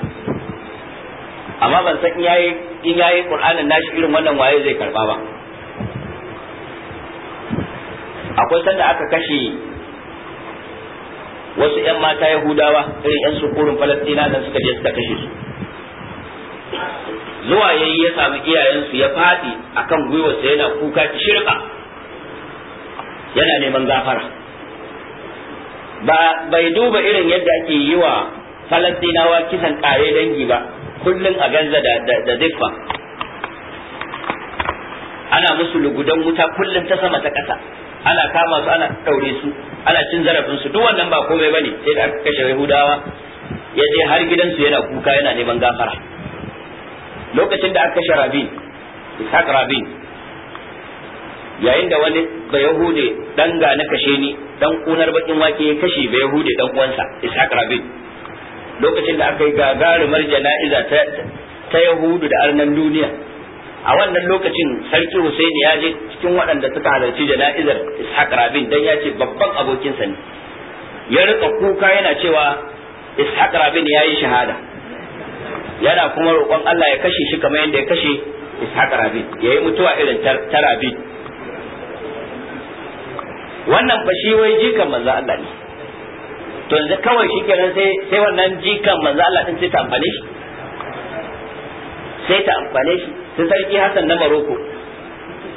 amma ban san in yayi in yayi qur'anin nashi irin wannan waye zai karba ba akwai sanda aka kashe wasu 'yan mata yahudawa irin 'yan sukurin falastina da suka je suka kashe su zuwa yayi ya samu iyayensu ya faɗi akan gwiwarsa yana kuka ki shirka yana neman gafara ba bai duba irin yadda ake yi wa falastinawa kisan ƙare dangi ba kullum a ganza da, da, ziffa ana musu lugudan wuta kullum ta sama ta ƙasa ana kama su ana kaure su ana cin zarafin su duk wannan ba komai bane sai da aka kashe yahudawa ya je har gidansu yana kuka yana neman gafara lokacin da aka kashe rabin ishaq rabin yayin da wani ba Yahude dan ga na kashe ni dan kunar bakin wake ya kashe Yahude dan uwansa ishaq rabin lokacin da aka yi gagarumar jana'iza ta yahudu da arnan duniya a wannan lokacin sarki Hussein ya je cikin waɗanda suka halarci jana'izar Ishaq Rabin dan ya ce babban abokinsa ne ya rika kuka yana cewa Ishaq Rabin ya yi shahada yana kuma roƙon Allah ya kashe shi kamar yadda ya kashe Ishaq Rabin ya yi mutuwa irin ta Rabin wannan fa shi wai jikan manzo Allah ne to yanzu kawai shi kenan sai sai wannan jikan manzo Allah din sai ta amfane shi sai ta amfane shi sai sarki Hassan na Maroko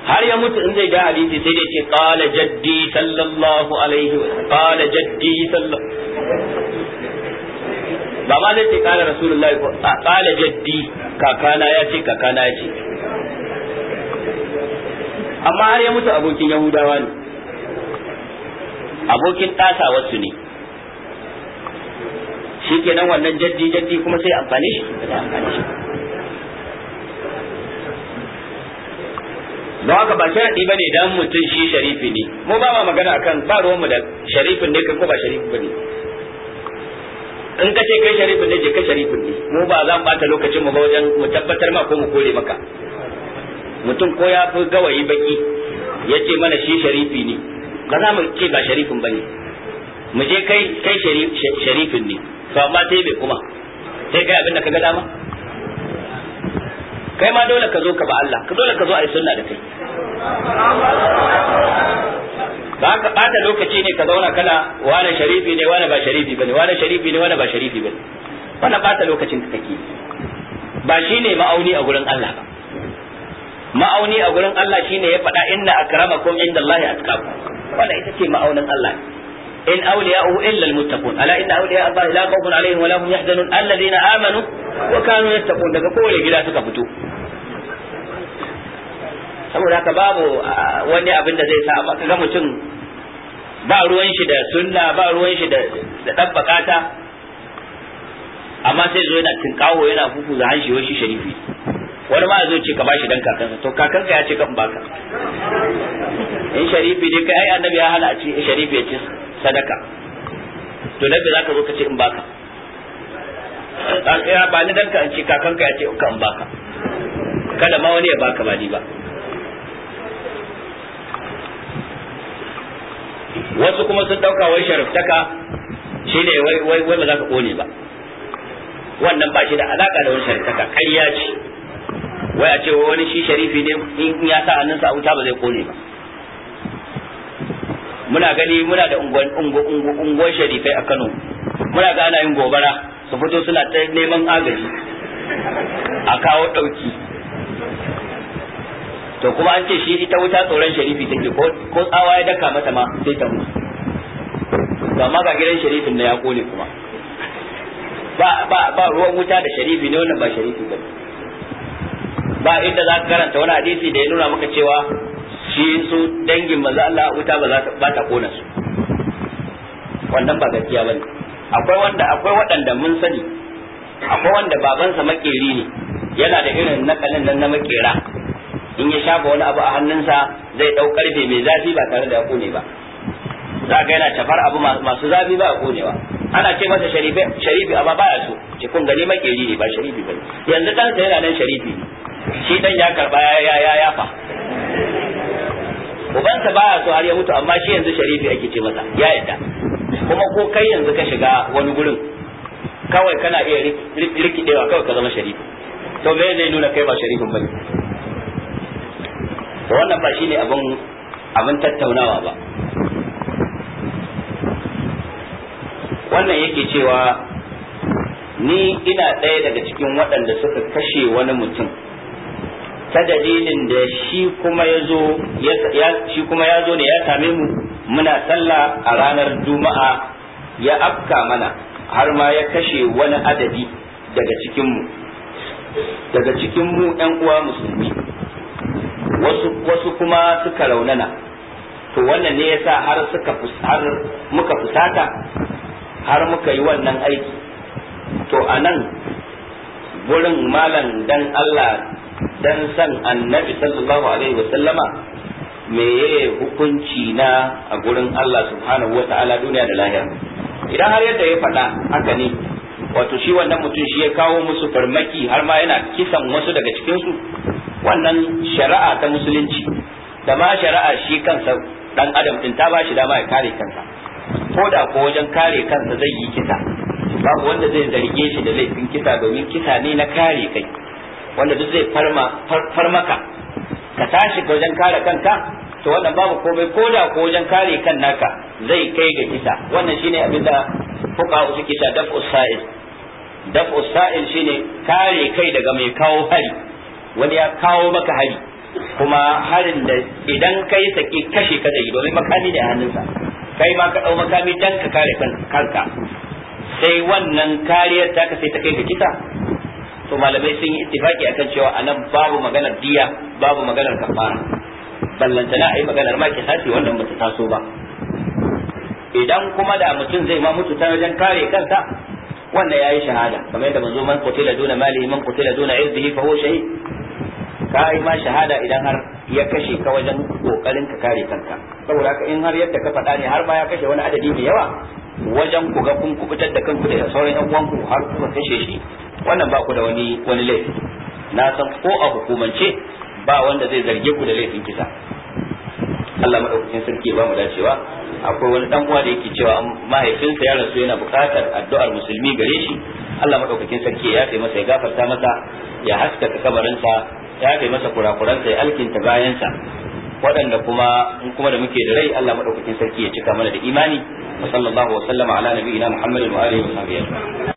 har ya mutu in zai ga hadisi sai dai ce kala jaddi sallallahu alaihi wa kala jaddi sallallahu ba ma zai ce kala rasulullahi ko kala jaddi kakana ya ce kakana ya ce amma har ya mutu abokin yahudawa ne abokin ɗasa wasu ne shi kenan wannan jaddi jaddi kuma sai amfani shi don haka ba ba ne dan mutum shi sharifi ne mu ba ma magana akan ba ruwan mu da sharifin ne kai ko ba sharifin bane in ka ce kai sharifin ne je ka sharifin ne mu ba zan bata lokacin mu ba wajen mu tabbatar ma ko mu kore maka mutum ko ya fi gawayi baki ya ce mana shi sharifi ne ba za mu ce ba sharifin bane mu je kai kai sharifin ne to amma sai bai kuma sai kai abin da ka ga dama kai ma dole ka zo ka ba Allah ka dole ka zo a yi sunna da kai ba ka bata lokaci ne ka zauna kana wani sharifi ne wani ba sharifi bane wani sharifi ne wani ba sharifi bane wannan bata lokacin ka kake ba shine ma'auni a gurin Allah ba ma'auni a gurin Allah shine ya faɗa inna akramakum indallahi atqakum wannan ita ce ma'aunin Allah in awliya'uhu illa almuttaqun ala inna awliya'a Allah la khawfun alaihim wa la hum yahzanun alladhina amanu wa kanu yattaqun daga kowane gida suka fito saboda haka babu ah, wani abin da zai sa ba ka ga mutum ba ruwan shi da sunna ba ruwan shi da dabbaka ta amma sai zo yana tinkawo yana fufu za hanshi wani sharifi wani ma zo ce ka bashi dan kakansa to kakan ka ya ce kan baka in sharifi ne kai ai annabi ya hana ce sharifi ya ce sadaka to nabi za zo ka ce in baka ba ni dan ka in ce ka ya ce kan baka kada ma wani ya baka ba ni ba wasu kuma sun dauka wai sharaftaka shi ne wai wai ba za ka kone ba wannan ba shi da alaka da wani sharaftaka ƙarya ce wai a ce wani shi sharifi ne in ya sa hannunsa sa wuta ba zai kone ba muna gani muna da unguwar sharifai a Kano muna ga ana yin gobara su fito suna ta neman agaji a kawo ɗauki to kuma an ce shi ita wuta tsoron sharifi take ko ko tsawa ya daka mata ma sai ta mutu to amma ga gidan sharifin da ya kone kuma ba ba ba ruwan wuta da sharifi ne wannan ba sharifi ba ba inda za ka karanta wani hadisi da ya nuna maka cewa shi su dangin manzo Allah wuta ba za ta ba ta kona su wannan ba gaskiya bane akwai wanda akwai waɗanda mun sani akwai wanda babansa makeri ne yana da irin nakalin nan na makera in ya shafa wani abu a hannunsa zai dau karfe mai zafi ba tare da ya kone ba za ga yana tafar abu masu zafi ba a konewa ana ce masa sharifi amma baya so ce kun gani makeri ne ba sharifi ba yanzu ɗansa yana nan sharifi shi dan ya karba ya ya yafa ubansa baya so har ya mutu amma shi yanzu sharifi ake ce masa ya yadda kuma ko kai yanzu ka shiga wani gurin kawai kana iya rikidewa kawai ka zama sharifi to me zai nuna kai ba sharifin bane to wannan ba shi abin abin tattaunawa ba wannan yake cewa ni ina ɗaya daga cikin waɗanda suka kashe wani mutum ta dalilin da shi kuma ya zo shi kuma ya zo ne ya same mu muna sallah a ranar juma'a ya afka mana har ma ya kashe wani adadi daga cikinmu daga cikinmu ‘yan uwa musulmi wasu kuma suka raunana to wannan ne yasa har suka har muka fusata har muka yi wannan aiki to anan gurin malam dan Allah dan san annabi sallallahu alaihi wasallama meye hukunci na a gurin Allah subhanahu wata'ala duniya da lahira idan har yadda ya faɗa haka ne wato shi wannan mutum shi ya kawo musu farmaki har ma yana kisan wasu daga cikinsu wannan shari'a ta musulunci da ma shari'a shi kansa dan adam din ta bashi dama ya kare kansa ko da ko wajen kare kansa zai yi kisa babu wanda zai zarge shi da laifin kisa domin kisa ne na kare kai wanda duk zai farmaka ka tashi wajen kare kanka to wannan babu komai ko da ko wajen kare kan naka zai kai ga kisa wannan shine abin da fuka su kisa daf'us sa'il daf'us sa'il shine kare kai daga mai kawo hari wani ya kawo maka hari kuma harin da idan kai saki kashe ka zai domin makami ne a hannunsa kai ma ka dau makami dan ka kare kanka sai wannan kariyar ta ka sai ta kai ka kisa to malamai sun yi ittifaki akan cewa anan babu maganar diya babu maganar kafara ballanta na ai maganar ma kisasi wannan bata taso ba idan kuma da mutum zai ma mutu ta wajen kare kansa wannan yayi shahada kamar yadda manzo man qutila duna malihi man qutila duna irdihi fa huwa shahid ka yi ma shahada idan har ya kashe ka wajen kokarin ka kare kanka saboda haka in har yadda ka faɗa ne har ba ya kashe wani adadi mai yawa wajen ku ga kun kubutar da kanku da sauran yan uwanku har kuka kashe shi wannan ba ku da wani wani laifi na san ko a hukumance ba wanda zai zarge ku da laifin kisa Allah madaukakin sarki ba mu dacewa akwai wani dan uwa da yake cewa mahaifinsa ya rasu yana bukatar addu'ar musulmi gare shi Allah madaukakin sarki ya taimaka masa ya gafarta masa ya haskaka kabarinsa ya kai masa kurakuran sai alkinta bayansa waɗanda kuma in kuma da muke da rai Allah madaukakin sarki ya cika mana da imani wa sallallahu wa sallama ala nabiyina Muhammadin wa alihi wa sahbihi